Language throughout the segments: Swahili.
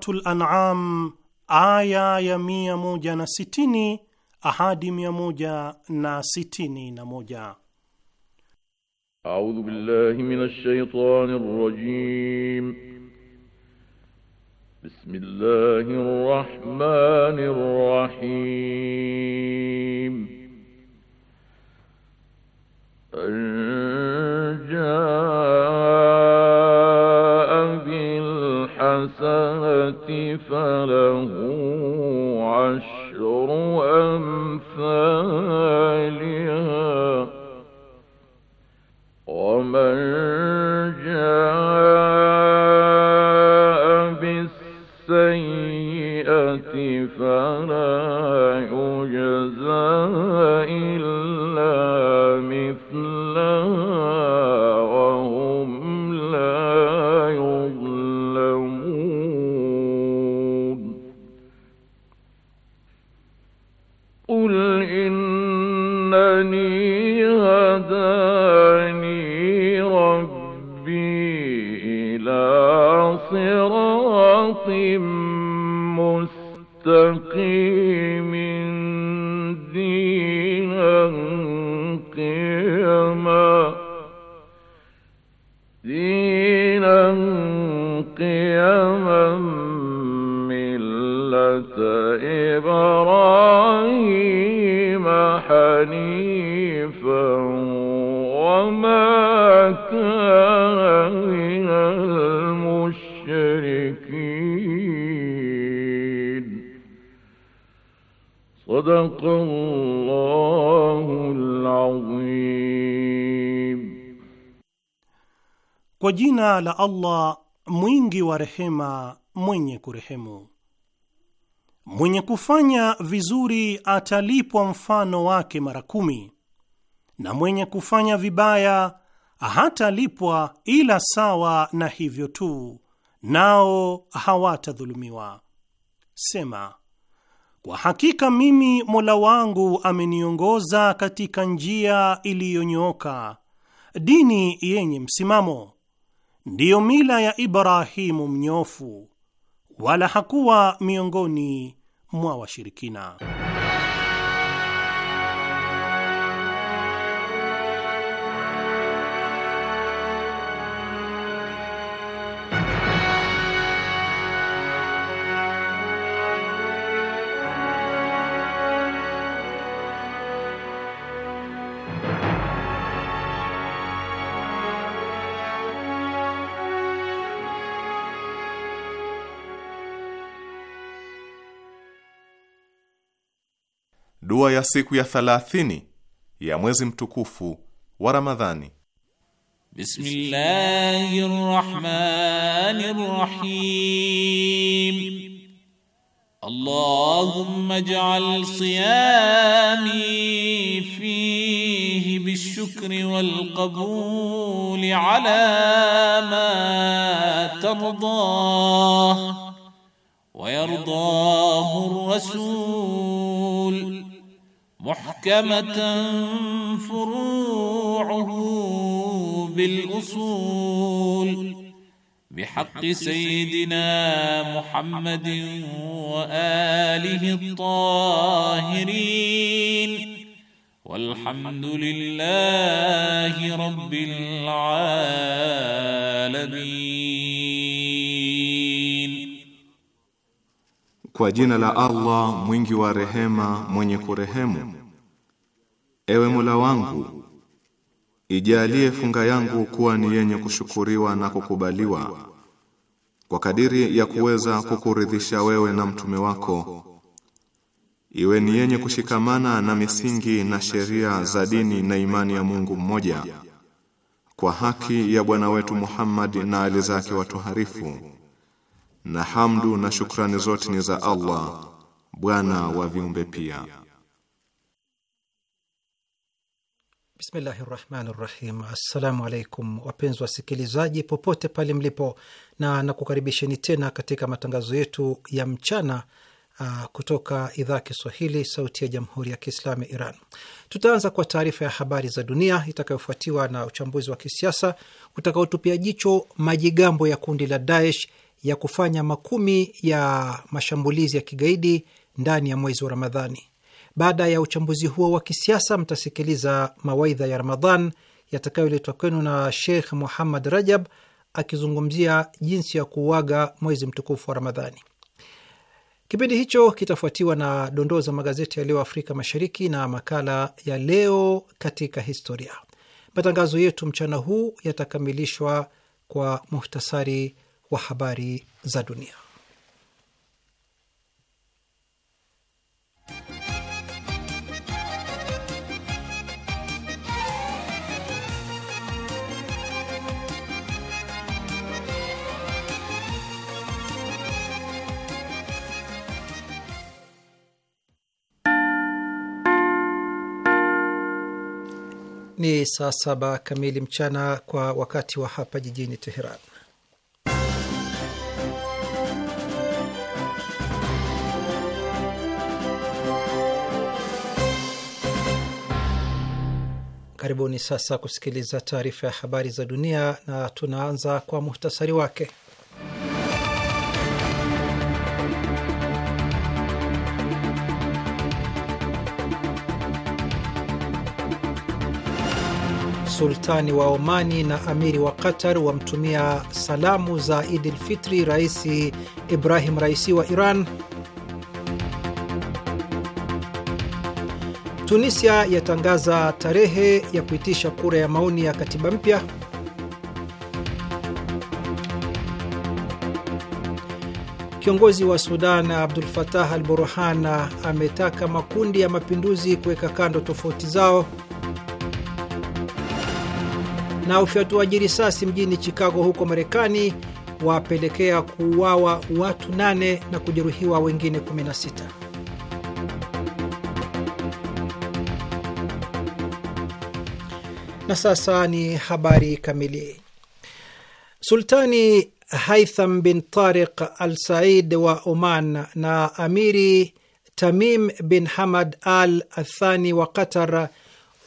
Suratul An'am aya ya mia moja na sitini ahadi mia moja na sitini na moja. A'udhu billahi minash shaitanir rajim. Bismillahir rahmanir rahim له عشر ومن جاء بالسيئة فلا يجزى إلا صدق الله العظيم Kwa jina la Allah mwingi wa rehema, mwenye kurehemu. Mwenye kufanya vizuri atalipwa mfano wake mara kumi, na mwenye kufanya vibaya hatalipwa ila sawa na hivyo tu, nao hawatadhulumiwa. Sema, kwa hakika mimi Mola wangu ameniongoza katika njia iliyonyooka, dini yenye msimamo, ndiyo mila ya Ibrahimu mnyofu, wala hakuwa miongoni mwa washirikina. Dua ya siku ya thalathini ya mwezi mtukufu wa Ramadhani. Bismillahirrahmanirrahim. Allahumma ij'al siyami fihi bishukri wal qabul ala ma tardah wa yardahu ar-rasul محكمة فروعه بالأصول بحق سيدنا محمد وآله الطاهرين والحمد لله رب العالمين Kwa jina la Allah mwingi wa rehema mwenye kurehemu. Ewe Mola wangu, ijalie funga yangu kuwa ni yenye kushukuriwa na kukubaliwa kwa kadiri ya kuweza kukuridhisha wewe na mtume wako, iwe ni yenye kushikamana na misingi na sheria za dini na imani ya Mungu mmoja, kwa haki ya bwana wetu Muhammad na ali zake harifu na hamdu na shukrani zote ni za Allah bwana wa viumbe pia. Bismillahir rahmani Rahim. Assalamu alaykum wapenzi wasikilizaji popote pale mlipo, na nakukaribisheni tena katika matangazo yetu ya mchana uh, kutoka idhaa Kiswahili sauti ya Jamhuri ya Kiislamu ya Iran. Tutaanza kwa taarifa ya habari za dunia itakayofuatiwa na uchambuzi wa kisiasa utakaotupia jicho majigambo ya kundi la Daesh ya kufanya makumi ya mashambulizi ya kigaidi ndani ya mwezi wa Ramadhani. Baada ya uchambuzi huo wa kisiasa, mtasikiliza mawaidha ya Ramadhan yatakayoletwa kwenu na Sheikh Muhammad Rajab akizungumzia jinsi ya kuuaga mwezi mtukufu wa Ramadhani. Kipindi hicho kitafuatiwa na dondoo za magazeti ya leo Afrika Mashariki na makala ya leo katika historia. Matangazo yetu mchana huu yatakamilishwa kwa muhtasari wa habari za dunia. Ni saa saba kamili mchana kwa wakati wa hapa jijini Teheran. Karibuni sasa kusikiliza taarifa ya habari za dunia, na tunaanza kwa muhtasari wake. Sultani wa Omani na amiri wa Qatar wamtumia salamu za Idil Fitri Rais Ibrahim Raisi wa Iran. Tunisia yatangaza tarehe ya kuitisha kura ya maoni ya katiba mpya. Kiongozi wa Sudan Abdul Fatah Al Burhan ametaka makundi ya mapinduzi kuweka kando tofauti zao. Na ufyatuaji risasi mjini Chicago huko Marekani wapelekea kuuawa watu 8 na kujeruhiwa wengine 16. Na sasa ni habari kamili. Sultani Haitham bin Tariq Al Said wa Oman na amiri Tamim bin Hamad Al Athani wa Qatar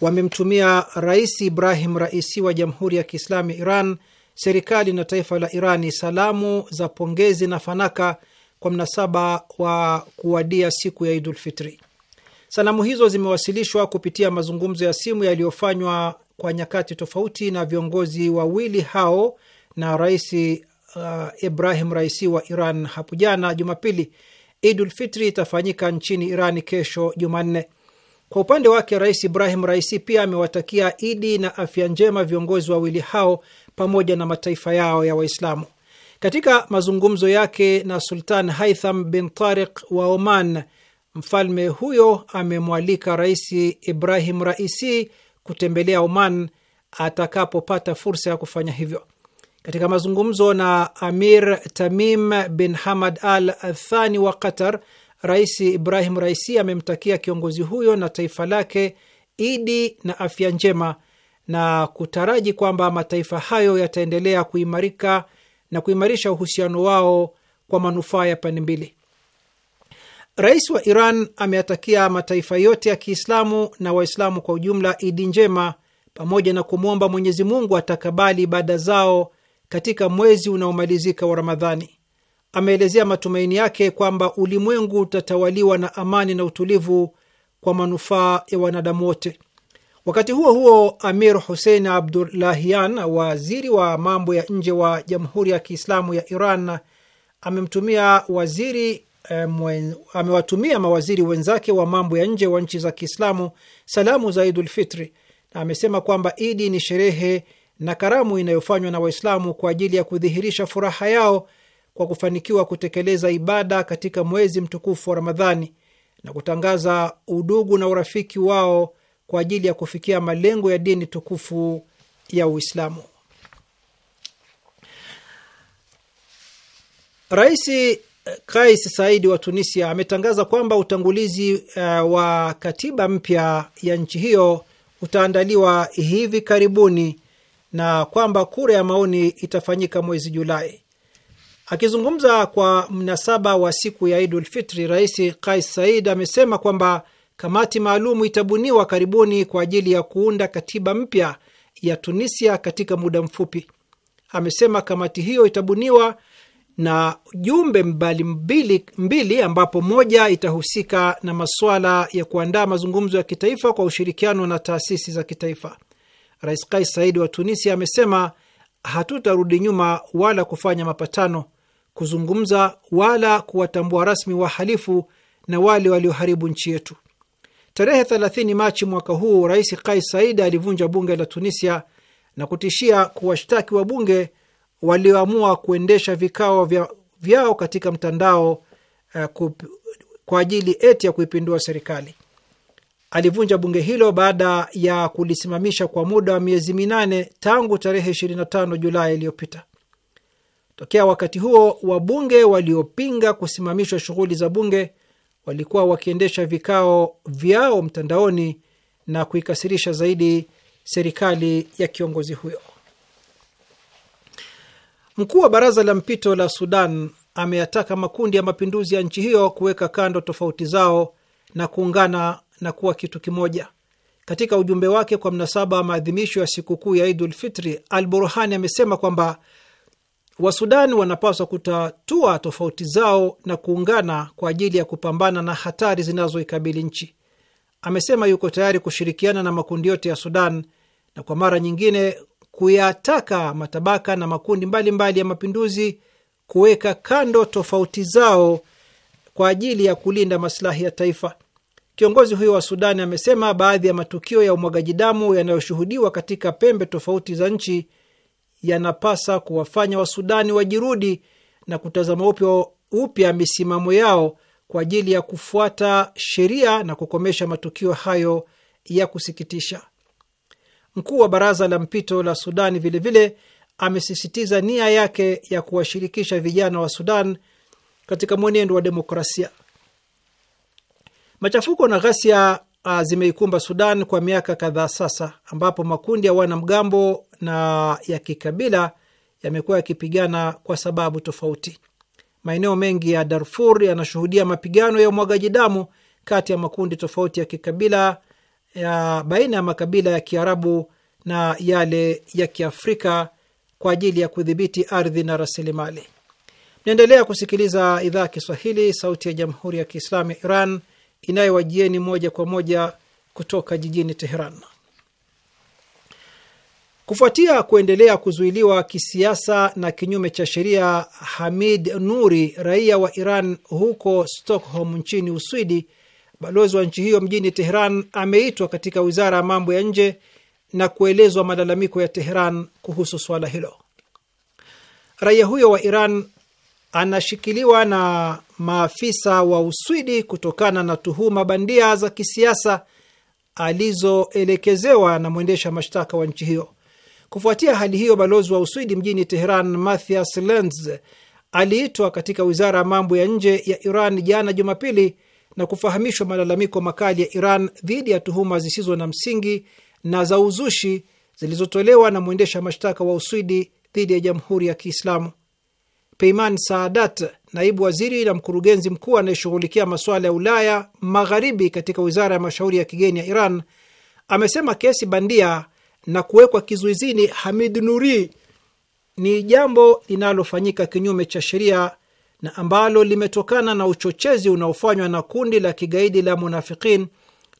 wamemtumia Rais Ibrahim Raisi wa Jamhuri ya Kiislamu Iran, serikali na taifa la Irani salamu za pongezi na fanaka kwa mnasaba wa kuwadia siku ya Idulfitri. Salamu hizo zimewasilishwa kupitia mazungumzo ya simu yaliyofanywa kwa nyakati tofauti na viongozi wawili hao na rais uh, Ibrahim Raisi wa Iran hapo jana Jumapili. Idul Fitri itafanyika nchini Iran kesho Jumanne. Kwa upande wake, Rais Ibrahim Raisi pia amewatakia idi na afya njema viongozi wawili hao pamoja na mataifa yao ya Waislamu. Katika mazungumzo yake na Sultan Haitham bin Tariq wa Oman, mfalme huyo amemwalika Rais Ibrahim Raisi kutembelea Oman atakapopata fursa ya kufanya hivyo. Katika mazungumzo na Amir Tamim bin Hamad Al Thani wa Qatar, Rais Ibrahim Raisi amemtakia kiongozi huyo na taifa lake idi na afya njema na kutaraji kwamba mataifa hayo yataendelea kuimarika na kuimarisha uhusiano wao kwa manufaa ya pande mbili. Rais wa Iran ameyatakia mataifa yote ya Kiislamu na Waislamu kwa ujumla Idi njema pamoja na kumwomba Mwenyezi Mungu atakabali ibada zao katika mwezi unaomalizika wa Ramadhani. Ameelezea matumaini yake kwamba ulimwengu utatawaliwa na amani na utulivu kwa manufaa ya wanadamu wote. Wakati huo huo, Amir Hussein Abdullahian, waziri wa mambo ya nje wa Jamhuri ya Kiislamu ya Iran, amemtumia waziri Eh, amewatumia mawaziri wenzake wa mambo ya nje wa nchi za Kiislamu salamu za Idul Fitri na amesema kwamba idi ni sherehe na karamu inayofanywa na Waislamu kwa ajili ya kudhihirisha furaha yao kwa kufanikiwa kutekeleza ibada katika mwezi mtukufu wa Ramadhani na kutangaza udugu na urafiki wao kwa ajili ya kufikia malengo ya dini tukufu ya Uislamu. Raisi Kais Saidi wa Tunisia ametangaza kwamba utangulizi uh, wa katiba mpya ya nchi hiyo utaandaliwa hivi karibuni na kwamba kura ya maoni itafanyika mwezi Julai. Akizungumza kwa mnasaba wa siku ya Idul Fitri, Rais Kais Said amesema kwamba kamati maalum itabuniwa karibuni kwa ajili ya kuunda katiba mpya ya Tunisia katika muda mfupi. Amesema kamati hiyo itabuniwa na jumbe mbali mbili, ambapo moja itahusika na masuala ya kuandaa mazungumzo ya kitaifa kwa ushirikiano na taasisi za kitaifa. Rais Kais Saidi wa Tunisia amesema hatutarudi nyuma wala kufanya mapatano, kuzungumza wala kuwatambua rasmi wahalifu na wale walioharibu nchi yetu. Tarehe 30 Machi mwaka huu, Rais Kais Saidi alivunja bunge la Tunisia na kutishia kuwashtaki wabunge walioamua kuendesha vikao vya, vyao katika mtandao uh, kup, kwa ajili eti ya kuipindua serikali. Alivunja bunge hilo baada ya kulisimamisha kwa muda wa miezi minane tangu tarehe 25 Julai iliyopita. Tokea wakati huo, wabunge waliopinga kusimamishwa shughuli za bunge walikuwa wakiendesha vikao vyao mtandaoni na kuikasirisha zaidi serikali ya kiongozi huyo. Mkuu wa baraza la mpito la Sudan ameyataka makundi ya mapinduzi ya nchi hiyo kuweka kando tofauti zao na kuungana na kuwa kitu kimoja. Katika ujumbe wake kwa mnasaba wa maadhimisho ya sikukuu ya Idul Fitri, Al Burhani amesema kwamba Wasudani wanapaswa kutatua tofauti zao na kuungana kwa ajili ya kupambana na hatari zinazoikabili nchi. Amesema yuko tayari kushirikiana na makundi yote ya Sudan na kwa mara nyingine kuyataka matabaka na makundi mbalimbali mbali ya mapinduzi kuweka kando tofauti zao kwa ajili ya kulinda masilahi ya taifa. Kiongozi huyo wa Sudani amesema baadhi ya matukio ya umwagaji damu yanayoshuhudiwa katika pembe tofauti za nchi yanapasa kuwafanya Wasudani wajirudi na kutazama upya upya misimamo yao kwa ajili ya kufuata sheria na kukomesha matukio hayo ya kusikitisha. Mkuu wa baraza la mpito la Sudani vilevile amesisitiza nia yake ya kuwashirikisha vijana wa Sudan katika mwenendo wa demokrasia. Machafuko na ghasia ah, zimeikumba Sudan kwa miaka kadhaa sasa, ambapo makundi ya wanamgambo na ya kikabila yamekuwa yakipigana kwa sababu tofauti. Maeneo mengi ya Darfur yanashuhudia mapigano ya umwagaji damu kati ya makundi tofauti ya kikabila ya baina ya makabila ya Kiarabu na yale ya Kiafrika kwa ajili ya kudhibiti ardhi na rasilimali. Mnaendelea kusikiliza idhaa ya Kiswahili, sauti ya jamhuri ya Kiislamu ya Iran inayowajieni moja kwa moja kutoka jijini Teheran. Kufuatia kuendelea kuzuiliwa kisiasa na kinyume cha sheria Hamid Nuri, raia wa Iran huko Stockholm nchini Uswidi, Balozi wa nchi hiyo mjini Tehran ameitwa katika wizara ya mambo ya nje na kuelezwa malalamiko ya Tehran kuhusu swala hilo. Raia huyo wa Iran anashikiliwa na maafisa wa Uswidi kutokana na tuhuma bandia za kisiasa alizoelekezewa na mwendesha mashtaka wa nchi hiyo. Kufuatia hali hiyo, balozi wa Uswidi mjini Teheran, Mathias Lenz, aliitwa katika wizara ya mambo ya nje ya Iran jana Jumapili na kufahamishwa malalamiko makali ya Iran dhidi ya tuhuma zisizo na msingi na za uzushi zilizotolewa na mwendesha mashtaka wa Uswidi dhidi ya Jamhuri ya Kiislamu. Peyman Saadat, naibu waziri na mkurugenzi mkuu anayeshughulikia masuala ya Ulaya Magharibi katika wizara ya mashauri ya kigeni ya Iran, amesema kesi bandia na kuwekwa kizuizini Hamid Nuri ni jambo linalofanyika kinyume cha sheria na ambalo limetokana na uchochezi unaofanywa na kundi la kigaidi la Munafikin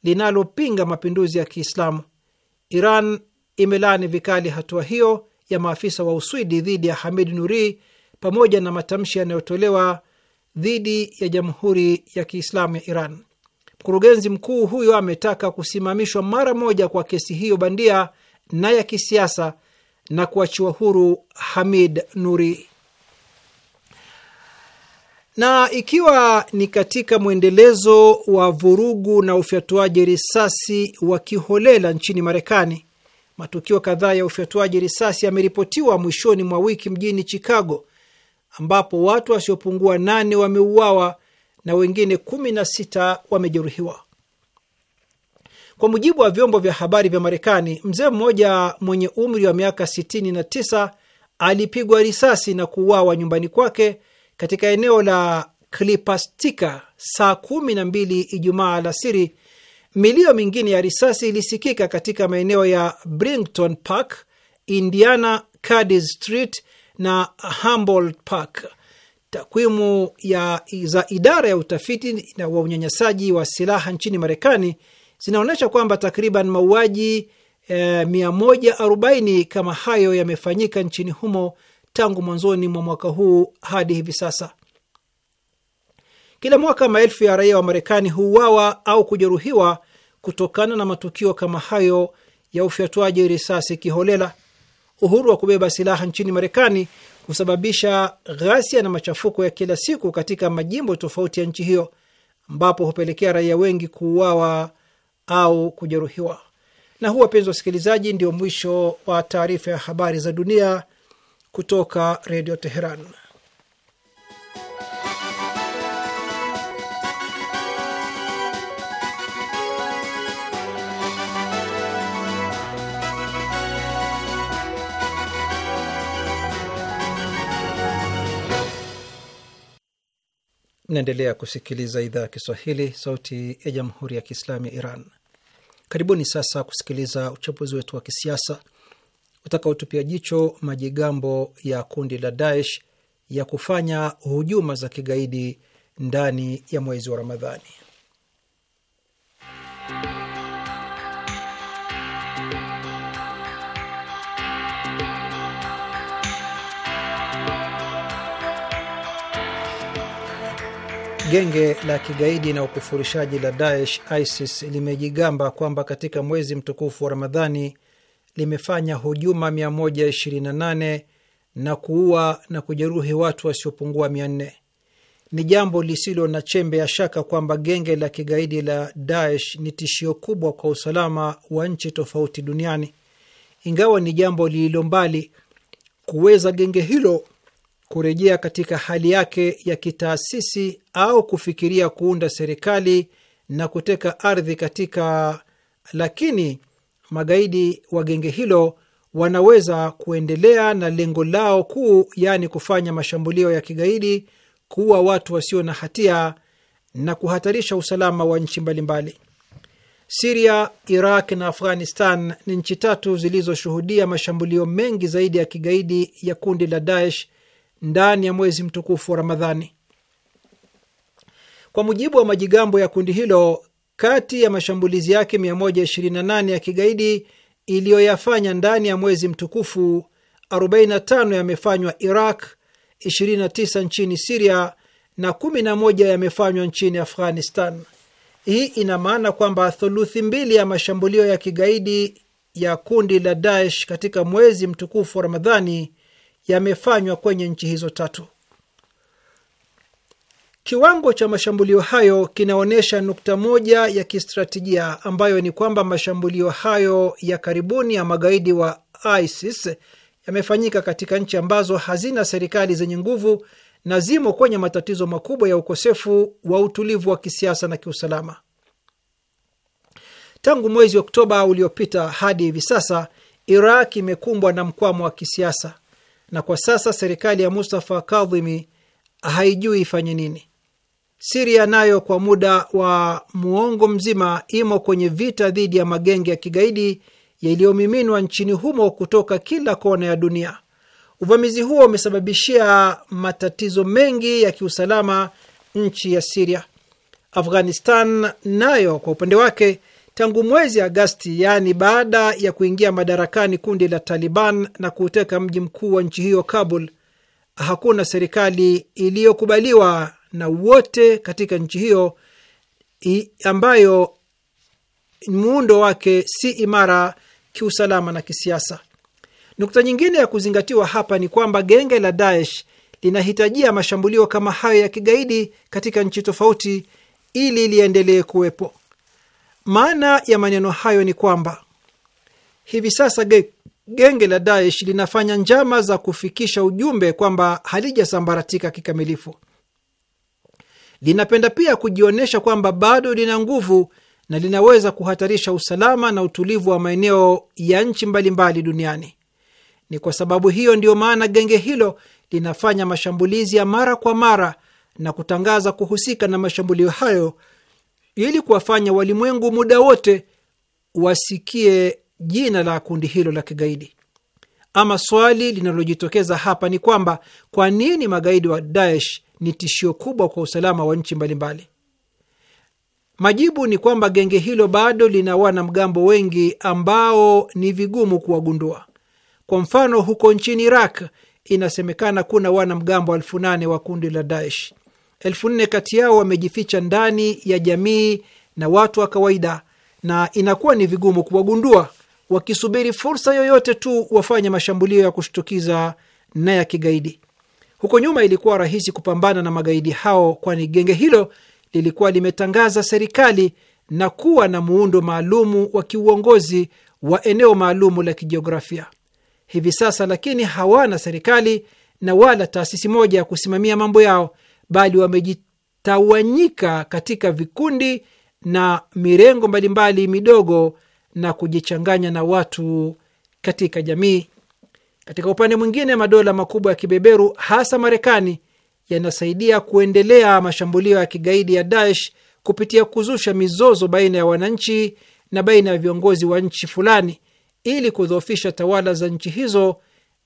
linalopinga mapinduzi ya Kiislamu. Iran imelaani vikali hatua hiyo ya maafisa wa Uswidi dhidi ya Hamid Nuri pamoja na matamshi yanayotolewa dhidi ya Jamhuri ya Kiislamu ya Iran. Mkurugenzi mkuu huyo ametaka kusimamishwa mara moja kwa kesi hiyo bandia na ya kisiasa na kuachiwa huru Hamid Nuri. Na ikiwa ni katika mwendelezo wa vurugu na ufyatuaji risasi wa kiholela nchini Marekani, matukio kadhaa ya ufyatuaji risasi yameripotiwa mwishoni mwa wiki mjini Chicago, ambapo watu wasiopungua nane wameuawa na wengine kumi na sita wamejeruhiwa. Kwa mujibu wa vyombo vya habari vya Marekani, mzee mmoja mwenye umri wa miaka 69 alipigwa risasi na kuuawa nyumbani kwake katika eneo la Klipastika saa kumi na mbili Ijumaa alasiri. Milio mingine ya risasi ilisikika katika maeneo ya Brington Park, Indiana, Cadiz Street na Humboldt Park. Takwimu za idara ya utafiti na wa unyanyasaji wa silaha nchini Marekani zinaonyesha kwamba takriban mauaji eh, 140 kama hayo yamefanyika nchini humo tangu mwanzoni mwa mwaka huu hadi hivi sasa. Kila mwaka maelfu ya raia wa Marekani huuawa au kujeruhiwa kutokana na matukio kama hayo ya ufyatuaji risasi kiholela. Uhuru wa kubeba silaha nchini Marekani husababisha ghasia na machafuko ya kila siku katika majimbo tofauti ya nchi hiyo, ambapo hupelekea raia wengi kuuawa au kujeruhiwa. Na huu, wapenzi wasikilizaji, ndio mwisho wa taarifa ya habari za dunia kutoka Redio Teheran. Naendelea kusikiliza idhaa ya Kiswahili, sauti ya jamhuri ya kiislamu ya Iran. Karibuni sasa kusikiliza uchambuzi wetu wa kisiasa utakaotupia jicho majigambo ya kundi la Daesh ya kufanya hujuma za kigaidi ndani ya mwezi wa Ramadhani. Genge la kigaidi na ukufurishaji la Daesh ISIS limejigamba kwamba katika mwezi mtukufu wa Ramadhani limefanya hujuma 128 na kuua na kujeruhi watu wasiopungua 400. Ni jambo lisilo na chembe ya shaka kwamba genge la kigaidi la Daesh ni tishio kubwa kwa usalama wa nchi tofauti duniani. Ingawa ni jambo lililo mbali kuweza genge hilo kurejea katika hali yake ya kitaasisi au kufikiria kuunda serikali na kuteka ardhi katika, lakini magaidi wa genge hilo wanaweza kuendelea na lengo lao kuu, yaani kufanya mashambulio ya kigaidi, kuua watu wasio na hatia na kuhatarisha usalama wa nchi mbalimbali. Siria, Iraq na Afghanistan ni nchi tatu zilizoshuhudia mashambulio mengi zaidi ya kigaidi ya kundi la Daesh ndani ya mwezi mtukufu wa Ramadhani. Kwa mujibu wa majigambo ya kundi hilo, kati ya mashambulizi yake 128 ya kigaidi iliyoyafanya ndani ya mwezi mtukufu, 45 yamefanywa Iraq, 29 nchini Siria na 11 yamefanywa nchini Afghanistan. Hii ina maana kwamba thuluthi mbili ya mashambulio ya kigaidi ya kundi la Daesh katika mwezi mtukufu wa Ramadhani yamefanywa kwenye nchi hizo tatu. Kiwango cha mashambulio hayo kinaonyesha nukta moja ya kistratejia ambayo ni kwamba mashambulio hayo ya karibuni ya magaidi wa ISIS yamefanyika katika nchi ambazo hazina serikali zenye nguvu na zimo kwenye matatizo makubwa ya ukosefu wa utulivu wa kisiasa na kiusalama. Tangu mwezi Oktoba uliopita hadi hivi sasa, Iraq imekumbwa na mkwamo wa kisiasa, na kwa sasa serikali ya Mustafa Kadhimi haijui ifanye nini. Siria nayo kwa muda wa muongo mzima imo kwenye vita dhidi ya magenge ya kigaidi yaliyomiminwa nchini humo kutoka kila kona ya dunia. Uvamizi huo umesababishia matatizo mengi ya kiusalama nchi ya Siria. Afghanistan nayo kwa upande wake, tangu mwezi Agasti, yaani baada ya kuingia madarakani kundi la Taliban na kuuteka mji mkuu wa nchi hiyo Kabul, hakuna serikali iliyokubaliwa na wote katika nchi hiyo ambayo muundo wake si imara kiusalama na kisiasa. Nukta nyingine ya kuzingatiwa hapa ni kwamba genge la Daesh linahitajia mashambulio kama hayo ya kigaidi katika nchi tofauti ili liendelee kuwepo. Maana ya maneno hayo ni kwamba hivi sasa ge, genge la Daesh linafanya njama za kufikisha ujumbe kwamba halijasambaratika kikamilifu linapenda pia kujionyesha kwamba bado lina nguvu na linaweza kuhatarisha usalama na utulivu wa maeneo ya nchi mbalimbali duniani. Ni kwa sababu hiyo ndiyo maana genge hilo linafanya mashambulizi ya mara kwa mara na kutangaza kuhusika na mashambulio hayo ili kuwafanya walimwengu muda wote wasikie jina la kundi hilo la kigaidi. Ama swali linalojitokeza hapa ni kwamba kwa nini magaidi wa Daesh ni tishio kubwa kwa usalama wa nchi mbalimbali. Majibu ni kwamba genge hilo bado lina wanamgambo wengi ambao ni vigumu kuwagundua. Kwa mfano, huko nchini Iraq inasemekana kuna wanamgambo elfu nane wa kundi la Daesh. Elfu nne kati yao wamejificha ndani ya jamii na watu wa kawaida, na inakuwa ni vigumu kuwagundua, wakisubiri fursa yoyote tu wafanye mashambulio ya kushtukiza na ya kigaidi. Huko nyuma ilikuwa rahisi kupambana na magaidi hao, kwani genge hilo lilikuwa limetangaza serikali na kuwa na muundo maalumu wa kiuongozi wa eneo maalumu la kijiografia. Hivi sasa lakini hawana serikali na wala taasisi moja ya kusimamia mambo yao, bali wamejitawanyika katika vikundi na mirengo mbalimbali midogo na kujichanganya na watu katika jamii. Katika upande mwingine, madola makubwa ya kibeberu hasa Marekani yanasaidia kuendelea mashambulio ya kigaidi ya Daesh kupitia kuzusha mizozo baina ya wananchi na baina ya viongozi wa nchi fulani ili kudhoofisha tawala za nchi hizo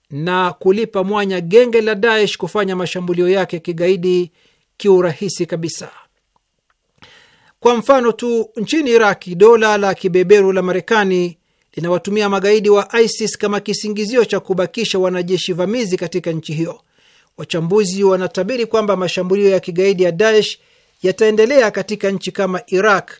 na kulipa mwanya genge la Daesh kufanya mashambulio yake ya kigaidi kiurahisi kabisa. Kwa mfano tu, nchini Iraki dola la kibeberu la Marekani linawatumia magaidi wa ISIS kama kisingizio cha kubakisha wanajeshi vamizi katika nchi hiyo. Wachambuzi wanatabiri kwamba mashambulio ya kigaidi ya Daesh yataendelea katika nchi kama Iraq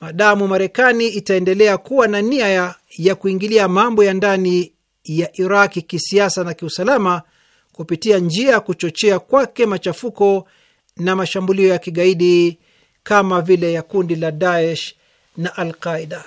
maadamu Marekani itaendelea kuwa na nia ya, ya kuingilia mambo ya ndani ya Iraq kisiasa na kiusalama kupitia njia ya kuchochea kwake machafuko na mashambulio ya kigaidi kama vile ya kundi la Daesh na Alqaida.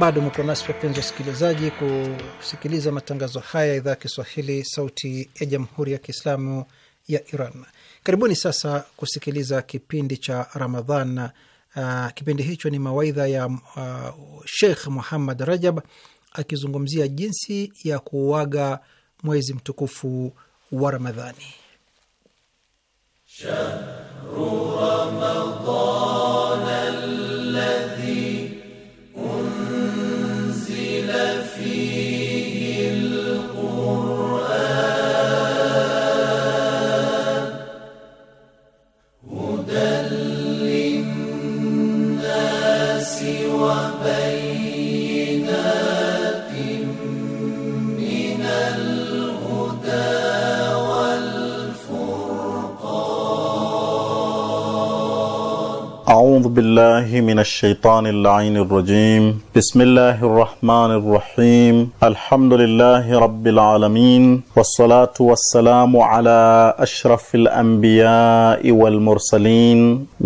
Bado mko nasi wapenzi wasikilizaji, kusikiliza matangazo haya ya idhaa ya Kiswahili, sauti ya jamhuri ya kiislamu ya Iran. Karibuni sasa kusikiliza kipindi cha Ramadhan. Uh, kipindi hicho ni mawaidha ya uh, Sheikh Muhammad Rajab akizungumzia jinsi ya kuuaga mwezi mtukufu wa Ramadhani. Shahru a أعوذ بالله من الشيطان اللعين الرجيم بسم الله الرحمن الرحيم الحمد لله رب العالمين والصلاة والسلام على أشرف الأنبياء والمرسلين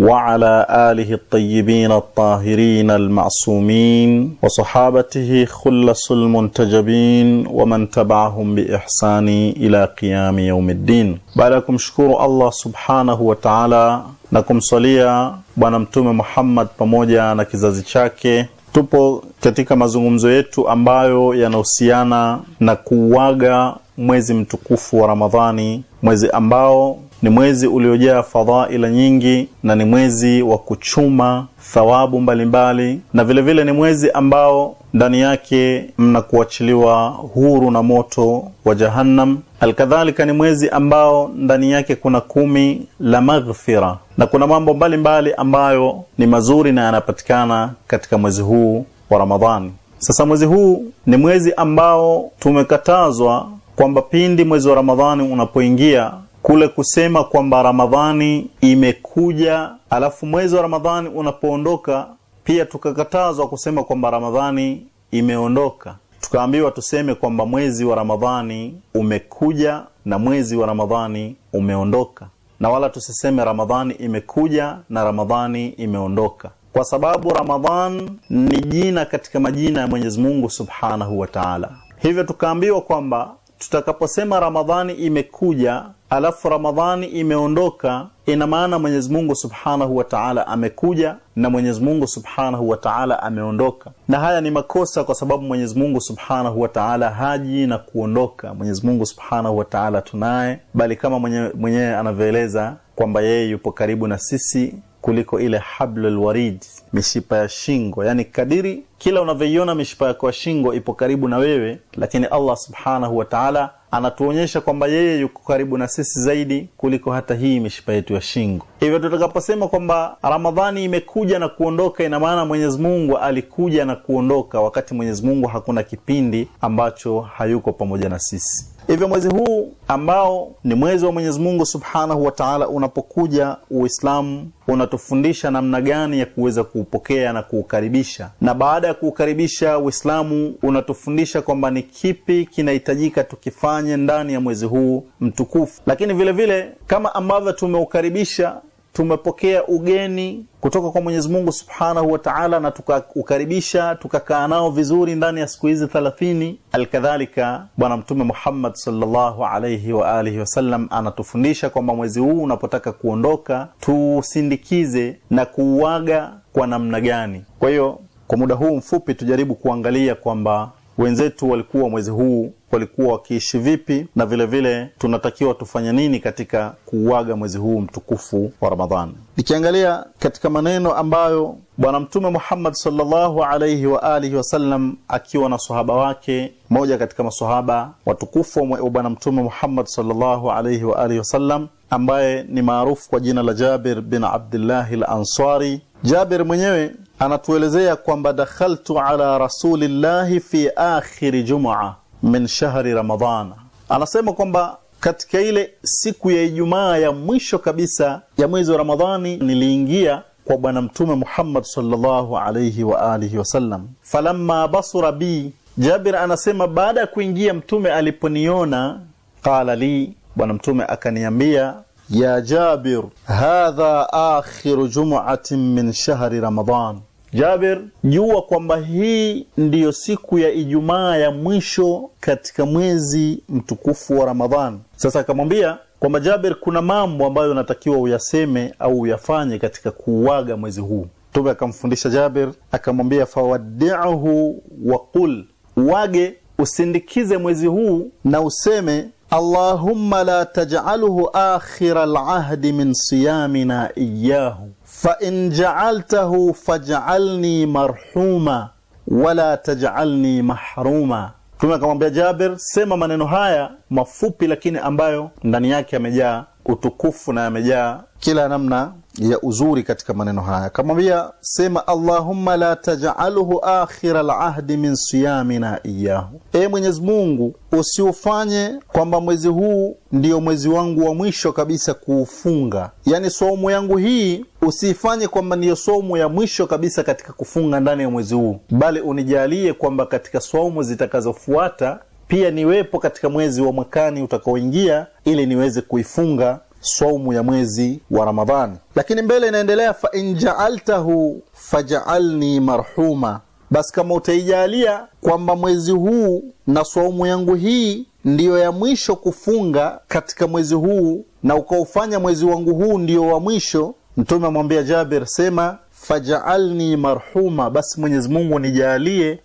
وعلى آله الطيبين الطاهرين المعصومين وصحابته خلص المنتجبين ومن تبعهم بإحسان إلى قيام يوم الدين بعدكم شكور الله سبحانه وتعالى نكم صليا bwana Mtume Muhammad pamoja na kizazi chake. Tupo katika mazungumzo yetu ambayo yanahusiana na kuuaga mwezi mtukufu wa Ramadhani, mwezi ambao ni mwezi uliojaa fadhaila nyingi na ni mwezi wa kuchuma thawabu mbalimbali mbali. Na vilevile vile ni mwezi ambao ndani yake mna kuachiliwa huru na moto wa Jahannam. Alkadhalika ni mwezi ambao ndani yake kuna kumi la maghfira na kuna mambo mbalimbali mbali ambayo ni mazuri na yanapatikana katika mwezi huu wa Ramadhani. Sasa mwezi huu ni mwezi ambao tumekatazwa kwamba pindi mwezi wa Ramadhani unapoingia kule kusema kwamba Ramadhani imekuja, alafu mwezi wa Ramadhani unapoondoka, pia tukakatazwa kusema kwamba Ramadhani imeondoka. Tukaambiwa tuseme kwamba mwezi wa Ramadhani umekuja na mwezi wa Ramadhani umeondoka, na wala tusiseme Ramadhani imekuja na Ramadhani imeondoka, kwa sababu Ramadhan ni jina katika majina ya Mwenyezi Mungu Subhanahu wa Ta'ala. Hivyo tukaambiwa kwamba tutakaposema Ramadhani imekuja alafu Ramadhani imeondoka, ina maana Mwenyezi Mungu Subhanahu wa Ta'ala amekuja na Mwenyezi Mungu Subhanahu wa Ta'ala ameondoka, na haya ni makosa, kwa sababu Mwenyezi Mungu Subhanahu wa Ta'ala haji na kuondoka. Mwenyezi Mungu Subhanahu wa Ta'ala tunaye, bali kama mwenyewe mwenye anavyoeleza kwamba yeye yupo karibu na sisi kuliko ile hablul warid, mishipa ya shingo. Yani kadiri kila unavyoiona mishipa yako ya shingo ipo karibu na wewe, lakini Allah Subhanahu wa Ta'ala anatuonyesha kwamba yeye yuko karibu na sisi zaidi kuliko hata hii mishipa yetu ya shingo. Hivyo tutakaposema kwamba Ramadhani imekuja na kuondoka, ina maana Mwenyezi Mungu alikuja na kuondoka, wakati Mwenyezi Mungu hakuna kipindi ambacho hayuko pamoja na sisi. Hivyo mwezi huu ambao ni mwezi wa Mwenyezi Mungu Subhanahu wa Ta'ala, unapokuja Uislamu unatufundisha namna gani ya kuweza kuupokea na kuukaribisha, na baada ya kuukaribisha Uislamu unatufundisha kwamba ni kipi kinahitajika tukifanye ndani ya mwezi huu mtukufu, lakini vile vile kama ambavyo tumeukaribisha tumepokea ugeni kutoka kwa Mwenyezi Mungu Subhanahu wa Ta'ala, na tukaukaribisha tukakaa nao vizuri ndani ya siku hizi 30. Alkadhalika, Bwana Mtume Muhammad sallallahu alayhi wa alihi wasallam anatufundisha kwamba mwezi huu unapotaka kuondoka, tusindikize na kuuaga kwa namna gani. Kwa hiyo, kwa muda huu mfupi tujaribu kuangalia kwamba wenzetu walikuwa mwezi huu walikuwa wakiishi vipi, na vile vile tunatakiwa tufanye nini katika kuuaga mwezi huu mtukufu wa Ramadhani. Nikiangalia katika maneno ambayo Bwana Mtume Muhammad sallallahu alaihi wa alihi wasallam akiwa na sahaba wake mmoja katika masahaba watukufu wa Bwana Mtume Muhammad sallallahu alaihi wa alihi wasallam ambaye ni maarufu kwa jina la Jabir bin Abdillahi al Ansari. Jabir mwenyewe anatuelezea kwamba dakhaltu ala rasulillahi fi akhiri jumua min shahri ramadana, anasema kwamba katika ile siku ya Ijumaa ya mwisho kabisa ya mwezi wa Ramadhani niliingia kwa Bwana Mtume Muhammad sallallahu alayhi wa alihi wasallam. Falamma basura bi, Jabir anasema baada ya kuingia Mtume aliponiona, qala li, Bwana Mtume akaniambia يا جابر hadha akhiru jumuatin min shahri Ramadan. Jabir, jua kwamba hii ndiyo siku ya Ijumaa ya mwisho katika mwezi mtukufu wa Ramadhan. Sasa akamwambia kwamba Jabir, kuna mambo ambayo unatakiwa uyaseme au uyafanye katika kuuaga mwezi huu. Mtume akamfundisha Jabir, akamwambia fawaddiuhu wa qul, uwage usindikize mwezi huu na useme Allahumma la taj'alhu akhira al min siyamina iyahu fain in ja'altahu faj'alni marhuma wala taj'alni mahruma. Mtume akamwambia Jabir, sema maneno haya mafupi, lakini ambayo ndani yake yamejaa utukufu na yamejaa kila namna ya uzuri katika maneno haya, akamwambia sema, allahumma la tajaluhu akhira lahdi min siyamina iyahu, e Mwenyezi Mungu usiufanye kwamba mwezi huu ndiyo mwezi wangu wa mwisho kabisa kuufunga, yani somo yangu hii usiifanye kwamba ndiyo somo ya mwisho kabisa katika kufunga ndani ya mwezi huu, bali unijalie kwamba katika somo zitakazofuata pia niwepo katika mwezi wa mwakani utakaoingia, ili niweze kuifunga saumu ya mwezi wa Ramadhani. Lakini mbele inaendelea, fa in jaaltahu fajaalni marhuma, basi kama utaijaalia kwamba mwezi huu na saumu yangu hii ndiyo ya mwisho kufunga katika mwezi huu na ukaufanya mwezi wangu huu ndiyo wa mwisho, Mtume amwambia Jabir, sema fajaalni marhuma, basi Mwenyezi Mungu niwe,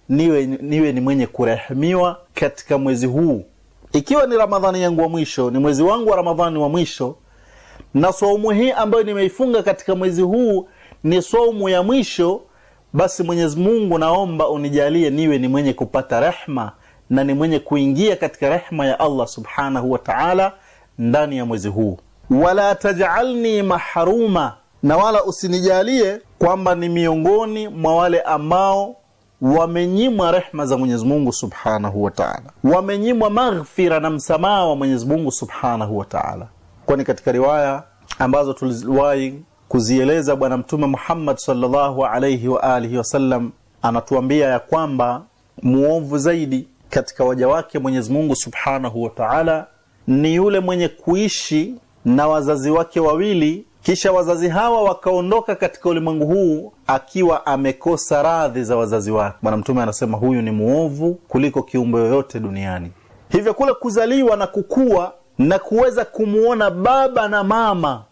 niwe ni mwenye kurehemiwa katika mwezi huu, ikiwa ni Ramadhani yangu wa mwisho, ni mwezi wangu wa Ramadhani wa mwisho, na saumu hii ambayo nimeifunga katika mwezi huu ni saumu ya mwisho, basi Mwenyezi Mungu naomba unijalie niwe ni mwenye kupata rehma na ni mwenye kuingia katika rehma ya Allah subhanahu wa ta'ala ndani ya mwezi huu. Wala tajalni mahruma, na wala usinijalie kwamba ni miongoni mwa wale ambao wamenyimwa rehma za Mwenyezi Mungu subhanahu wa ta'ala, wamenyimwa maghfira na msamaha wa Mwenyezi Mungu subhanahu wa ta'ala kwani katika riwaya ambazo tuliwahi kuzieleza bwana mtume Muhammad sallallahu alayhi wa alihi wasallam anatuambia ya kwamba muovu zaidi katika waja wake Mwenyezi Mungu Subhanahu wa Ta'ala ni yule mwenye kuishi na wazazi wake wawili kisha wazazi hawa wakaondoka katika ulimwengu huu akiwa amekosa radhi za wazazi wake. Bwana Mtume anasema huyu ni muovu kuliko kiumbe yoyote duniani. Hivyo kule kuzaliwa na kukua na kuweza kumwona baba na mama.